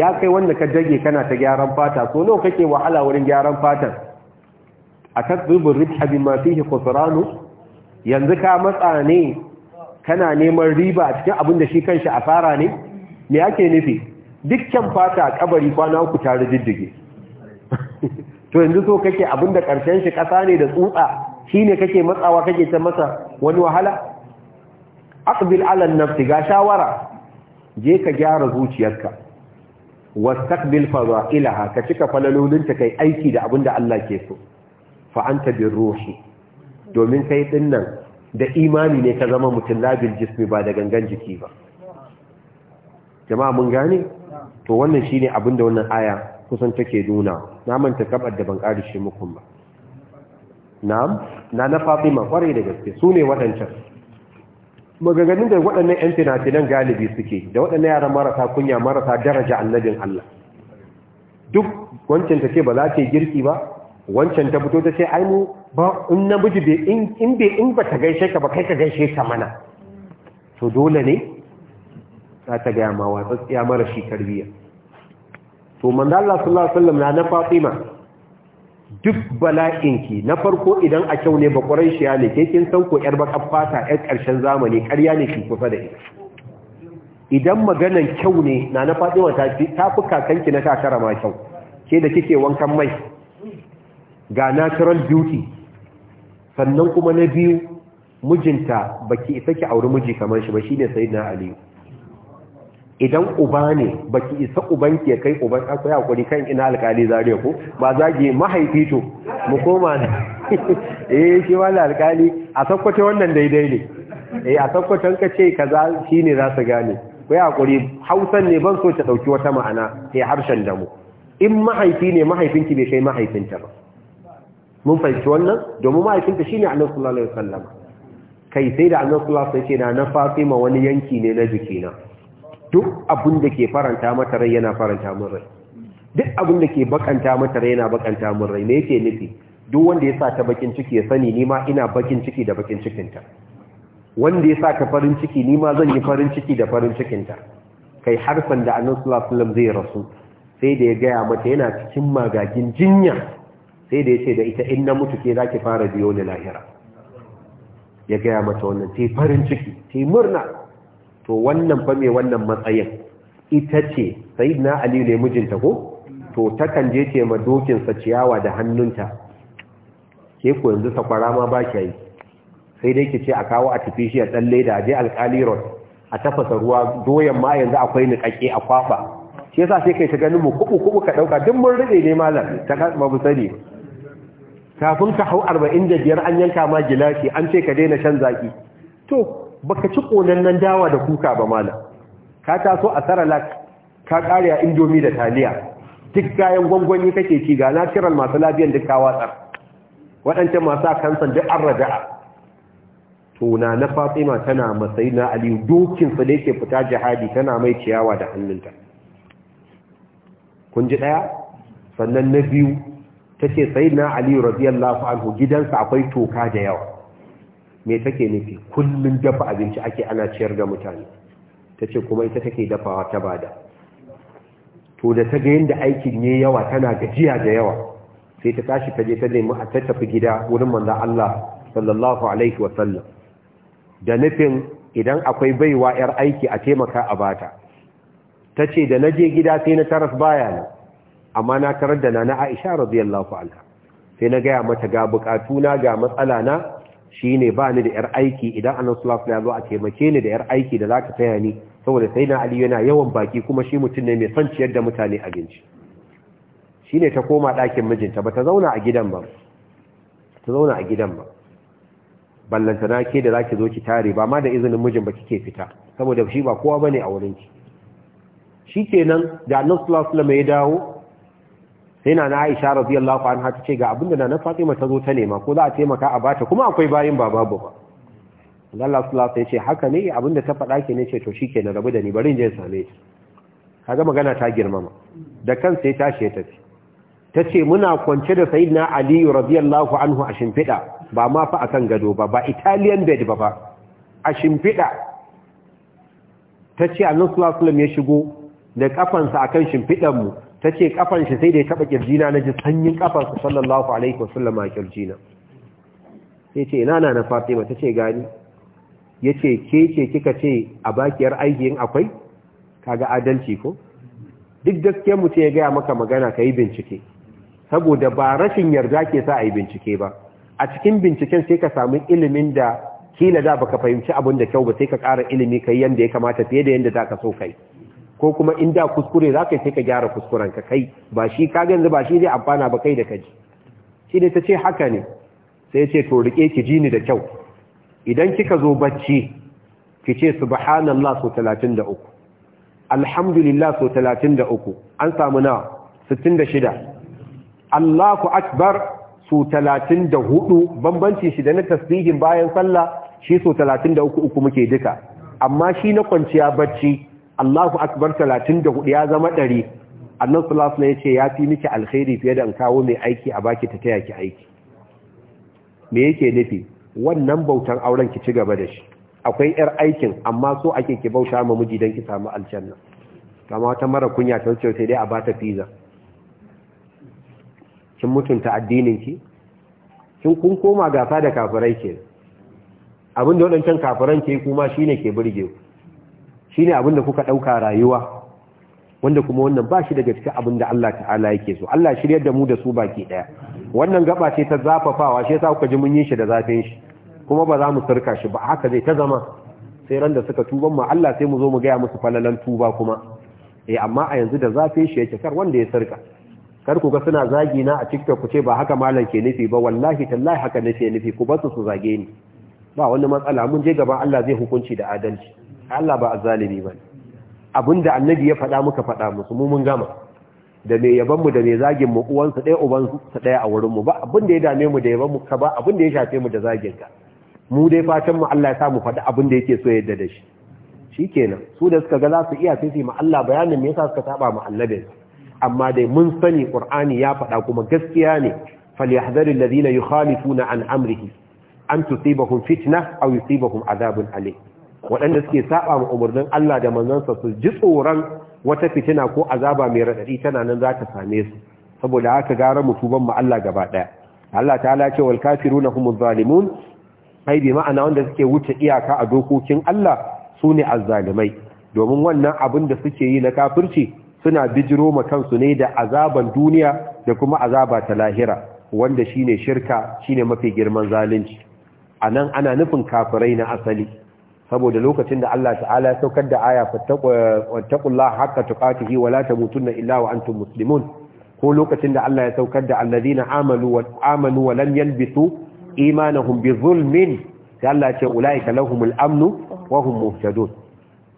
ya kai wanda ka dage kana ta gyaran fata so nawa kake wahala wurin gyaran fatan atatbibu ridha bima fihi khusranu yanzu ka matsa ne kana neman riba a cikin abin da shi kanshi asara ne me yake nufi dukkan fata kabari kwana uku tare diddige to yanzu so kake abin da karshen shi kasa ne da tsutsa shine kake matsawa kake ta masa wani wahala aqbil ala nafsi ga shawara je ka gyara zuciyarka wastaqbil fadailaha ka cika falalolinta kai aiki da abinda Allah ke so fa anta ruhi domin kai dinnan da imani ne ka zama mutum labil jismi ba da gangan jiki ba jama'a mun gane to wannan shine abinda wannan aya kusan take nuna na manta kabar da ban kare shi muku ba na'am na na Fatima kware da gaske sune waɗancan. magaganin da waɗannan 'yan fina-finan galibi suke da waɗannan yaran marasa kunya marasa daraja annabin Allah duk wancan ta ce ba za ta yi girki ba wancan ta fito ta ce ainu ba in namiji in bai in ba ta gaishe ka ba kai ka gaishe ta mana to dole ne za ta gaya ma watsatsiya mara shi karbiya. to manzo Allah sallallahu alaihi wasallam na na Fatima duk bala'inki na farko idan a kyau ne bakwaran shiya ne ke kin san ko yar bakar fata yar ƙarshen zamani ƙarya ne shi kusa da ita idan maganan kyau ne na na fatima ta fi kakanki na kakara ma kyau ke da kike wankan mai ga natural beauty sannan kuma na biyu mijinta baki isa ki auri miji kamar shi ba shine sayyidina aliyu idan uba ne baki isa uban ke kai uban akwai hakuri kan ina alkali zare ko ba zage mahaifi to mu koma ne eh shi wala alkali a sakkwace wannan daidai ne eh a sakkwacen ka ce kaza shine za su gane ku ya hakuri hausan ne ban so ta dauki wata ma'ana sai harshen damu in mahaifi ne mahaifinki bai kai mahaifinta ba mun fahimci wannan domin mahaifinta shine annabi sallallahu alaihi wasallam kai sai da annabi sallallahu alaihi wasallam sai ce na na fatima wani yanki ne na jikina duk abin da ke faranta mata rai yana faranta min rai duk abin da ke bakanta mata rai yana bakanta min rai me yake nufi duk wanda ya sa ta bakin ciki ya sani ni ina bakin ciki da bakin cikinta wanda ya sa ta farin ciki nima zan yi farin ciki da farin cikinta kai harfan da annabi sallallahu alaihi wasallam zai rasu sai da ya gaya mata yana cikin magagin jinya sai da ya ce da ita in na mutu ke zaki fara biyo ni lahira ya gaya mata wannan sai farin ciki sai murna to wannan fa mai wannan matsayin ita ce sayyidina ali ne mijinta ko to ta kan je ce ma sa ciyawa da hannunta ke ku yanzu sakwara ma ba ki sai dai ki ce a kawo artificial ɗan leda je alkali road a tafasa ruwa doyan ma yanzu akwai niƙaƙe a kwafa shi yasa sai kai ta ganin mu kubu kubu ka ɗauka. duk mun rube ne malam ta ba mu sani kafin ka hau arba'in da biyar an yanka ma gilashi an ce ka daina shan zaki to baka ci konannen dawa da kuka ba mala ka taso a saralak ka kare a indomi da taliya duk kayan gwangwani kake ci ga natural masu lafiyan duk ka watsar waɗancan masu kansan duk an raja'a tuna na fatima tana matsayi na aliyu dokinsa da yake fita jihadi tana mai ciyawa da hannunta kun ji ɗaya sannan na biyu ta ce sai na aliyu radiyallahu anhu gidansa akwai toka da yawa me take nufi kullum dafa abinci ake ana ciyar da mutane ta ce kuma ita take dafawa ta bada to da ta ga yadda aikin ne yawa tana gajiya da yawa sai ta tashi ta je ta nemi a ta gida wurin manzon Allah sallallahu alaihi wa sallam da nufin idan akwai baiwa yar aiki a taimaka a bata ta ce da na je gida sai na taras baya na amma na tarar da na na Aisha radiyallahu anha sai na gaya mata ga bukatuna ga matsala na shine ba ni da yar aiki idan annabi ya zo a taimake ni da yar aiki da za ka taya ni saboda sai na ali yana yawan baki kuma shi mutum ne mai son ciyar da mutane abinci ne ta koma ɗakin mijinta ba ta zauna a gidan ba ta zauna a gidan ba na ke da zaki zo ki tare ba ma da izinin mijin ba kike fita saboda shi ba kowa ba ne a wurinki shikenan da annabi sallallahu ya dawo sai na na Aisha radiyallahu anha ta ce ga abinda na na Fatima ta zo ta nema ko za a taimaka a bata kuma akwai bayin ba babu ba Allah sallallahu alaihi ce haka ne abinda ta faɗa ke ne ce to shikenan rabu da ni bari in je same shi kaga magana ta girmama da kansa ya tashi ya tafi ta ce muna kwance da na aliyu radiyallahu anhu a shimfiɗa ba ma fa a kan gado ba ba italian bed ba ba a shimfiɗa ta ce annan sulasulam ya shigo da kafansa a kan shimfiɗanmu ta ce kafan shi sai da ya taba kirjina na ji sanyin kafansa sallallahu alaihi sallama a kirjina sai ce ina na na fatima ta ce gani ya ce ke ce kika ce a bakiyar aikin akwai kaga adalci ko duk gaskiyar mutum ya gaya maka magana ka yi bincike saboda ba rashin yarda ke sa a yi bincike ba a cikin binciken sai ka samu ilimin da kila da baka fahimci abin da kyau ba sai ka ƙara ilimi ka yi yadda ya kamata fiye da yadda za ka so kai ko kuma in da kuskure za ka sai ka gyara kuskuren ka kai ba shi ka ganzu ba shi zai amfana ba kai da kaji shi ne ta ce haka ne sai ce to rike ki ji ni da kyau idan kika zo bacci ki ce subhanallah so 33 alhamdulillah so 33 an samu na 66 Allahu akbar so hudu, bambanci shi da na tasbihin bayan sallah shi so 33 uku muke duka amma shi na kwanciya bacci Allahu akbar 34 ya zama 100 annan sallallahu ya ce ya fi miki alkhairi fiye da in kawo mai aiki a baki ta taya ki aiki me yake nufi wannan bautan auren ki ci gaba da shi akwai yar aikin amma so ake ki bauta ma miji dan ki samu aljanna kama wata mara kunya ta wuce sai dai a bata fiza. kin mutunta addinin ki kin kun koma gasa da kafirai ke abin da waɗancan kafiran ke kuma shine ke burge shine abin da kuka ɗauka rayuwa wanda kuma wannan ba shi daga cikin abin da Allah ta'ala yake so Allah shiryar da mu da su baki ɗaya wannan gaba ce ta zafafawa shi yasa kuka ji mun yi shi da zafin shi kuma ba za mu sirka shi ba haka zai ta zama sai ran da suka tuban mu Allah sai mu zo mu gaya musu falalan tuba kuma eh amma a yanzu da zafin shi yake kar wanda ya sirka kar ku ga suna zagi na a TikTok ku ce ba haka malam ke nufi ba wallahi tallahi haka nake nufi ku ba su zage ni ba wani matsala mun je gaban Allah zai hukunci da adalci Allah ba azzalimi bane abinda annabi ya faɗa muka faɗa musu mu mun gama da me yaban mu da me zagin mu uwan su ɗaya uban su ɗaya a wurin mu ba abinda ya dame mu da yaban mu ka ba abinda ya shafe mu da zagin ka mu dai fatan mu Allah ya sa mu faɗi abinda yake so yadda da shi shikenan su da suka ga za su iya sai su ma Allah bayanin me yasa suka saba mu annabin amma dai mun sani Qur'ani ya faɗa kuma gaskiya ne falyahdharil ladina yukhalifuna an amrihi an tusibahum fitna aw yusibahum adhabun ali waɗanda suke saba mu umarnin Allah da manzansa su ji tsoron wata fitina ko azaba mai radadi tana nan za ta same su saboda haka gara mutuban mu Allah gaba daya Allah ta'ala ce wal kafiruna humuz zalimun ai bi ma'ana wanda suke wuce iyaka a dokokin Allah sune azzalimai domin wannan abin da suke yi na kafirci suna bijiro ma kansu ne da azaban duniya da kuma azaba ta lahira wanda shine shirka shine mafi girman zalunci a nan ana nufin kafirai na asali saboda lokacin da Allah ta'ala ya saukar da aya fattaqullaha haqqa tuqatihi wa la tamutunna illa wa antum muslimun ko lokacin da Allah ya saukar da allazina amalu wa amanu wa lam yalbisu imanahum sai Allah ya ce ulaika lahumul amnu wa hum muhtadun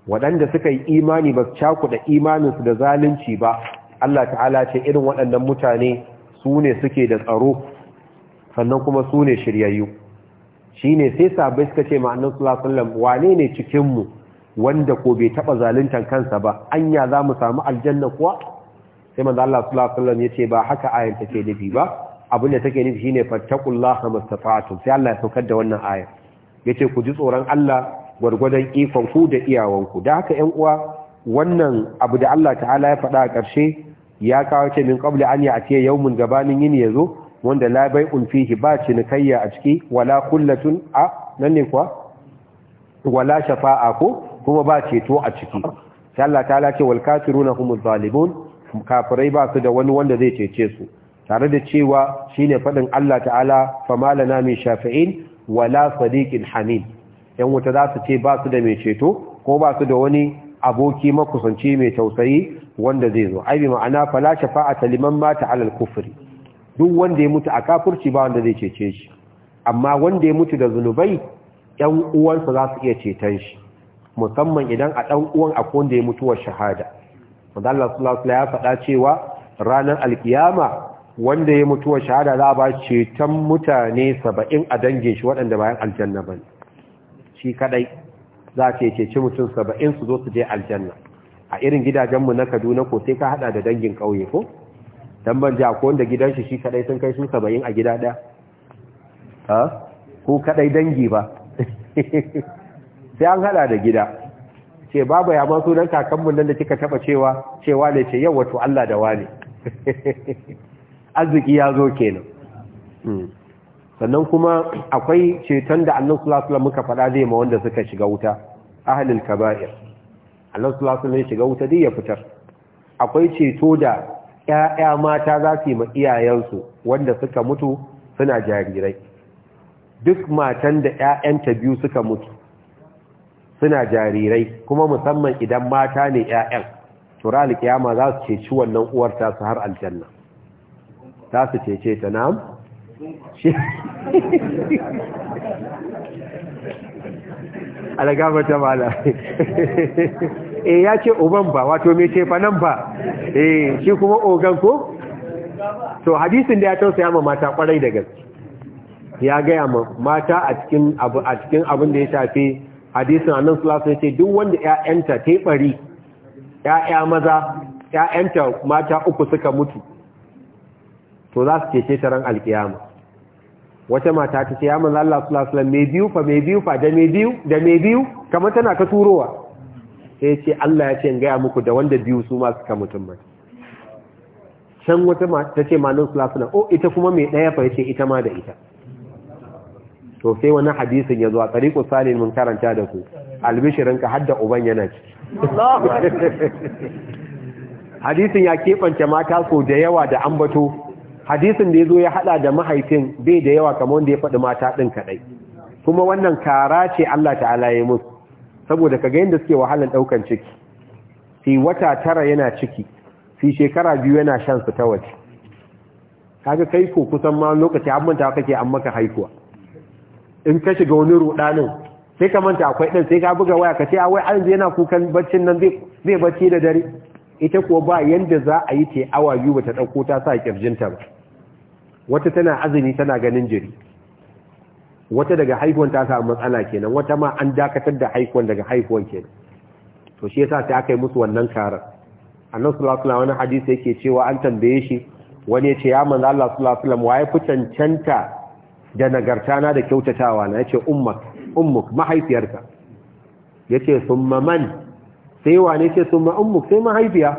waɗanda suka yi imani ba su cakuɗa imaninsu da zalunci ba Allah ta'ala ce irin waɗannan mutane su ne suke da tsaro sannan kuma su ne shiryayyu shine sai sabai suka ce ma'anin annabi sallallahu alaihi wane ne cikin mu wanda ko bai taba zaluntan kansa ba anya zamu samu aljanna kuwa sai manzo Allah sallallahu alaihi wasallam ba haka ayan take nufi ba abin da take nufi shine fattaqullaha mastata'tum sai Allah ya saukar da wannan aya yace ku ji tsoron Allah gwargwadon ikon ku da iyawanku. da haka 'yan uwa wannan abu da Allah ta'ala ya faɗa a ƙarshe ya kawo ce min qabli an ya atiya yawmun gabanin yini zo? wanda la bai'un fihi ba cinikayya a ciki wala kullatun a nan ne kuwa wala shafa'a ko kuma ba ceto a ciki sai Allah ta lace wal kafiruna humuz zalimun kafirai ba su da wani wanda zai cece su tare da cewa shine fadin Allah ta'ala famalana min shafi'in wala sadiqin hamid yan wuta za su ce ba su da mai ceto ko ba su da wani aboki makusanci mai tausayi wanda zai zo ai bi ma'ana fala ta liman mata alal kufri duk wanda ya mutu a kafurci ba wanda zai cece shi amma wanda ya mutu da zunubai ɗan uwansa za su iya ceton shi musamman idan a ɗan uwan a wanda ya mutuwa shahada Allah ya faɗa cewa ranar alkiyama wanda ya mutuwar shahada za a ba ceton mutane saba'in a dangin shi waɗanda bayan aljanna ba shi kaɗai za a cece mutum saba'in su zo su je aljanna a irin gidajenmu na kaduna ko sai ka haɗa da dangin ƙauye ko tamban ji akwai wanda gidan shi shi kadai sun kai su saba'in a gida ɗaya ha ko kadai dangi ba sai an hada da gida ce babu ya masu don kakanmu nan da kika taba cewa cewa ne ce yau wato Allah da wane arziki ya zo kenan hmm. sannan kuma akwai ceton da annan sulasula muka faɗa zai ma wanda suka shiga wuta ahalil kaba'ir annan sulasula ya shiga wuta dai ya fitar akwai ceto da 'ya'ya mata za su yi ma iyayensu wanda suka mutu suna jarirai duk matan da 'ya'yanta biyu suka mutu suna jarirai kuma musamman idan mata ne 'ya'yan tura alkiyama za su ceci wannan uwarta su har aljanna za su cece ta nam ta eh ya ce uban ba wato mai ce fanan ba e shi kuma ogan ko to hadisin da ya tausaya ma mata kwarai da gaske ya gaya ma mata a cikin abu abin da ya shafi hadisin annan sallallahu alaihi duk wanda ƴaƴanta ta bari ƴaƴa maza ƴaƴanta mata uku suka mutu to za su ce ce ran alkiyama wata mata ta ce ya manzo Allah sallallahu alaihi biyu fa me biyu fa da me biyu da me biyu kamar tana ka turowa sai ce Allah ya ce in gaya muku da wanda biyu su masu kan mutum ba can wata ta ce malin sulasuna o ita kuma mai ɗaya fa ce ita ma da ita to sai wani hadisin ya zo a tsariƙo salin mun karanta da ku Albishirin ka hadda uban yana ciki hadisin ya keɓance mata ko da yawa da ambato hadisin da ya zo ya haɗa da mahaifin bai da yawa kamar wanda ya faɗi mata ɗin kaɗai kuma wannan kara ce Allah ta'ala ya yi musu saboda ka gayin yadda suke wahalar ɗaukan ciki fi wata tara yana ciki fi shekara biyu yana shan su ta waje kaga kai ko kusan ma lokaci an manta kake an maka haikuwa in ka shiga wani rudanin sai ka manta akwai ɗin sai ka buga waya ka ce a wai an yana kukan baccin nan zai bacci da dare ita kuwa ba yanda za a yi ta awa biyu ba ta ɗauko ta sa kirjinta ba wata tana azumi tana ganin jiri wata daga haihuwan ta samu matsala kenan wata ma an dakatar da haihuwan daga haihuwan kenan to shi yasa sai aka yi musu wannan karar annabi sallallahu alaihi wasallam hadisi yake cewa an tambaye shi wani ya ce ya manzo Allah sallallahu alaihi wasallam waye fi cancanta da nagarta na da kyautatawa na yace ummak ummuk mahaifiyarka yace summa man sai wane yace summa ummuk sai mahaifiya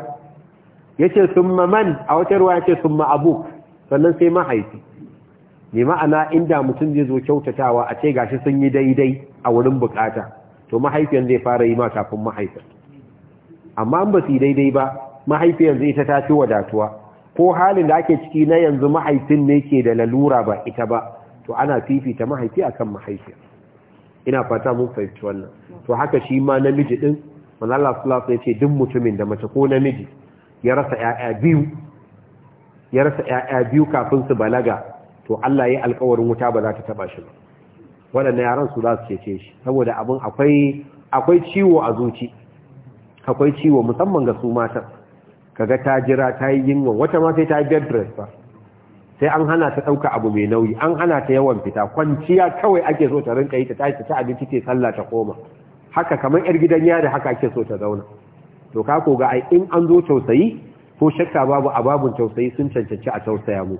yace summa man a wata ruwa yace summa abuk sannan sai mahaifi mai ma'ana inda mutum zai zo kyautatawa a ce gashi sun yi daidai a wurin bukata to mahaifiyan zai fara yi ma kafin mahaifin amma basu ba su yi daidai ba mahaifiyan zai ta tafi wadatuwa ko halin da ake ciki na yanzu mahaifin ne ke da lalura ba ita ba to ana fifita mahaifi akan mahaifiyar. ina fata mun fahimci wannan to haka shi ma namiji din wani Allah su lafi ce duk mutumin da mace ko namiji ya rasa 'yaya ya rasa ƴaƴa biyu kafin su balaga to Allah ya alkawarin wuta ba za ta taba shi ba waɗanda yaran su za su cece shi saboda abin akwai ciwo a zuci akwai ciwo musamman ga su matan kaga ta jira ta yi yinwa wata ma sai ta yi bed rest ba sai an hana ta ɗauka abu mai nauyi an hana ta yawan fita kwanciya kawai ake so ta rinka yi ta tashi ta abinci ce sallah ta koma haka kamar yar gidan yari haka ake so ta zauna to ka ko ga ai in an zo tausayi ko shakka babu a babun tausayi sun cancanci a tausaya mu.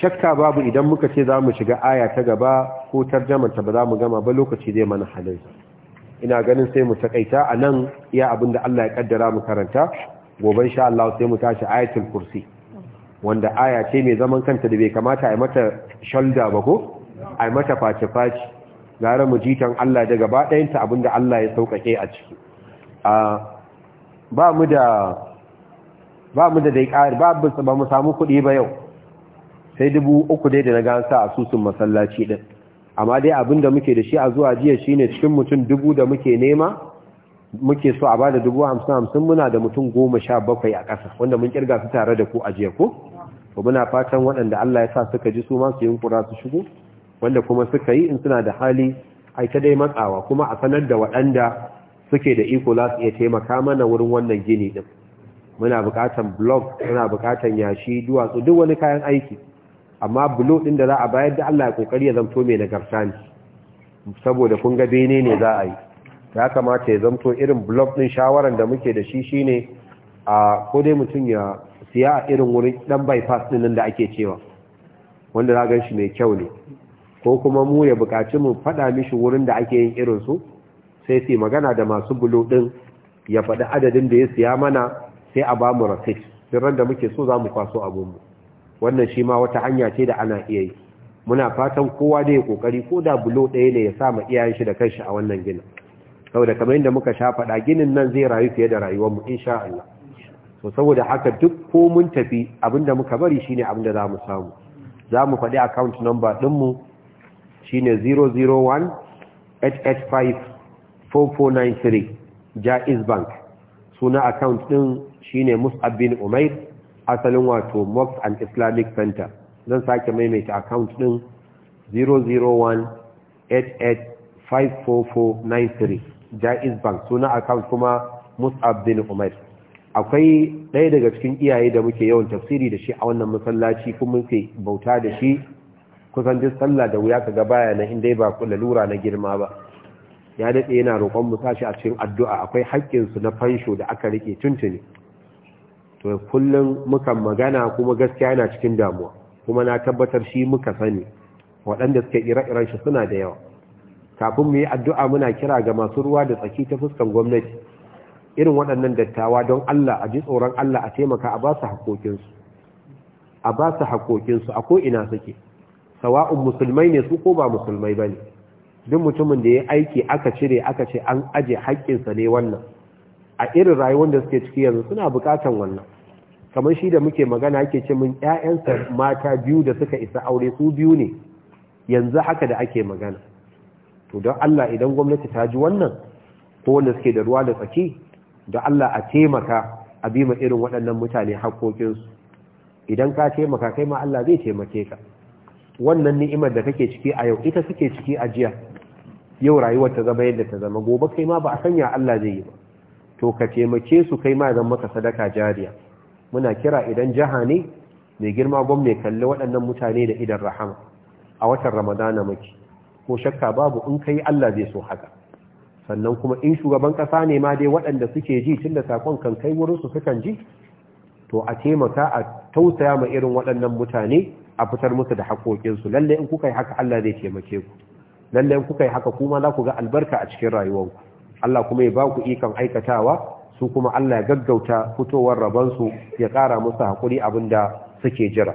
shakka babu idan muka ce za mu shiga aya ta gaba ko tarjamanta ba za mu gama ba lokaci zai mana halinsa ina ganin sai mu takaita a nan iya abin da Allah ya kaddara mu karanta gobe insha Allah sai mu tashi ayatul kursi wanda aya ce mai zaman kanta da bai kamata a mata shalda ba ko a mata face-face gara mu jitan Allah da gaba ɗayanta abin da Allah ya sauƙaƙe a ciki ba mu da ba mu da dai ba mu samu kuɗi ba yau sai dubu uku dai da na gansa a susun masallaci ɗin. amma dai abin da muke da shi a zuwa jiya shine cikin mutum dubu da muke nema muke so a bada dubu hamsin hamsin muna da mutum goma sha bakwai a ƙasa wanda mun kirga su tare da ku a jiya ko to muna fatan waɗanda Allah ya sa suka ji su ma su yunkura su shigo wanda kuma suka yi in suna da hali ai ta dai matsawa kuma a sanar da waɗanda suke da iko za su iya taimaka mana wurin wannan gini din muna buƙatan blog muna buƙatan yashi duwatsu duk wani kayan aiki amma bulo ɗin da za a bayar da Allah ya kokari ya zamto mai nagarta ne saboda kun ga bene ne za a yi ya kamata ya zamto irin blog ɗin shawaran da muke da shi shine a ko dai mutum ya siya a irin wurin dan bypass ɗin nan da ake cewa wanda za gan shi mai kyau ne ko kuma mu ya bukaci mu faɗa mishi wurin da ake yin irin su sai su magana da masu bulo din ya faɗi adadin da ya siya mana sai a ba mu rasit sirran da muke so za mu kwaso abinmu wannan shi ma wata hanya ce da ana iya yi muna fatan kowa da ya kokari ko da bulo ɗaya ne ya sa ma iyayen shi da kanshi a wannan ginin saboda kamar yadda muka sha faɗa ginin nan zai rayu fiye da rayuwar mu insha Allah so saboda haka duk ko mun tafi abinda muka bari shine abinda za mu samu za mu faɗi account number ɗin mu shine 001 885 Jaiz Bank suna account ɗin shine Mus'ab bin Umair asalin wato mosque and islamic center zan sake maimaita account din 001-88-54493 jaiz bank suna account kuma mus'ab bin umar akwai ɗaya daga cikin iyaye da muke yawan tafsiri da shi a wannan masallaci kuma muke bauta da shi kusan duk sallah da wuya kaga baya na inda ba ku lalura na girma ba ya daɗe yana roƙon mu sashi a cikin addu'a akwai haƙƙinsu na fansho da aka rike tuntuni to kullum muka magana kuma gaskiya yana cikin damuwa kuma na tabbatar shi muka sani waɗanda suke ire-iren shi suna da yawa kafin mu yi addu'a muna kira ga masu ruwa da tsaki ta fuskan gwamnati irin waɗannan dattawa don Allah a ji tsoron Allah a taimaka a ba su haƙoƙinsu a ba su haƙoƙinsu a ko'ina suke sawa'un musulmai ne su ko ba musulmai ba ne duk mutumin da ya aiki aka cire aka ce an aje haƙƙinsa ne wannan a irin rayuwar da suke ciki yanzu suna buƙatar wannan kamar shi da muke magana ake ce mun ƴaƴansa mata biyu da suka isa aure su biyu ne yanzu haka da ake magana to don Allah idan gwamnati ta ji wannan ko wanda suke da ruwa da tsaki da Allah a taimaka a bi ma irin waɗannan mutane haƙoƙinsu idan ka taimaka kai ma Allah zai taimake ka wannan ni'imar da kake ciki a yau ita suke ciki a jiya yau rayuwar ta zama yadda ta zama gobe kai ma ba a sanya Allah zai yi ba to ka taimake su kai ma zan maka sadaka jariya muna kira idan jiha ne mai girma gwamna kalli waɗannan mutane da idan rahama a watan ramadana maki ko shakka babu in kai Allah zai so haka sannan kuma in shugaban ƙasa ne ma dai waɗanda suke ji tun da saƙon kan kai wurin su sukan ji to a taimaka a tausaya ma irin waɗannan mutane a fitar musu da haƙoƙinsu lalle in kuka yi haka Allah zai taimake ku lalle in kuka yi haka kuma za ku ga albarka a cikin rayuwarku Allah kuma ya ba ku ikon aikatawa su kuma Allah ya gaggauta fitowar rabansu ya ƙara musu haƙuri abinda suke jira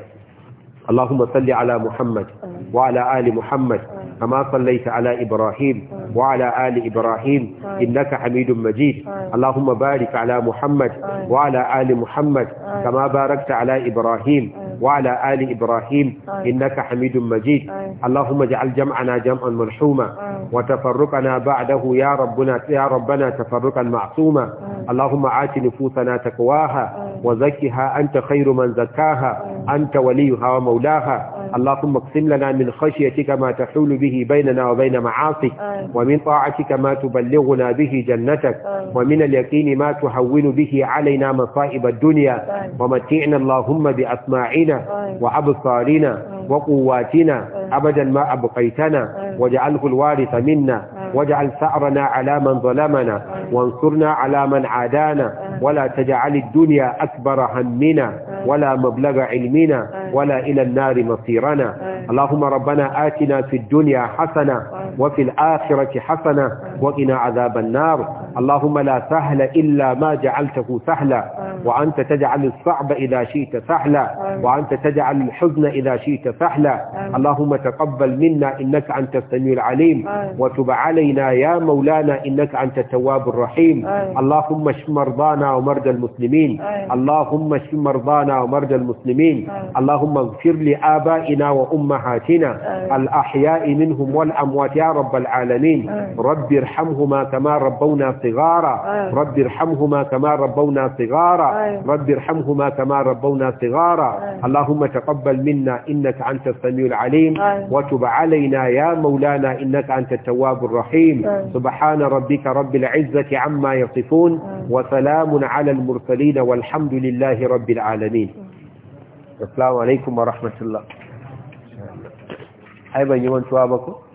Allahuma salli ala Muhammad wa ala ali Muhammad kama sallaita ala Ibrahim wa ala ali Ibrahim innaka Hamidum Majid Allahuma barik ala Muhammad wa ala ali Muhammad kama barakta ala Ibrahim وعلى آل إبراهيم إنك حميد مجيد اللهم اجعل جمعنا جمعا مرحوما وتفرقنا بعده يا ربنا يا ربنا تفرقا معصوما اللهم آت نفوسنا تقواها وزكها أنت خير من زكاها أنت وليها ومولاها اللهم اقسم لنا من خشيتك ما تحول به بيننا وبين معاصيك ومن طاعتك ما تبلغنا به جنتك ومن اليقين ما تهون به علينا مصائب الدنيا ومتعنا اللهم بأسماعنا وأبصارنا وقواتنا أبدا ما أبقيتنا واجعله الوارث منا واجعل ثأرنا على من ظلمنا وانصرنا على من عادانا ولا تجعل الدنيا أكبر همنا ولا مبلغ علمنا ولا إلى النار مصيرنا اللهم ربنا آتنا في الدنيا حسنة وفي الآخرة حسنة وقنا عذاب النار اللهم لا سهل إلا ما جعلته سهلا وأنت تجعل الصعب إذا شئت سهلا وأنت تجعل الحزن إذا شئت سهلا اللهم تقبل منا إنك أنت السميع العليم وتب علينا يا مولانا إنك أنت التواب الرحيم اللهم اشف مرضانا ومرضى المسلمين اللهم اشف مرضانا ومرضى المسلمين اللهم اللهم اغفر لآبائنا وأمهاتنا الأحياء منهم والأموات يا رب العالمين رب ارحمهما كما ربونا صغارا رب ارحمهما كما ربونا صغارا رب ارحمهما كما ربونا صغارا اللهم تقبل منا إنك أنت السميع العليم وتب علينا يا مولانا إنك أنت التواب الرحيم سبحان ربك رب العزة عما يصفون وسلام على المرسلين والحمد لله رب العالمين assalamu alaikum wa rahmatullah ai ban yi mantuwa ba ko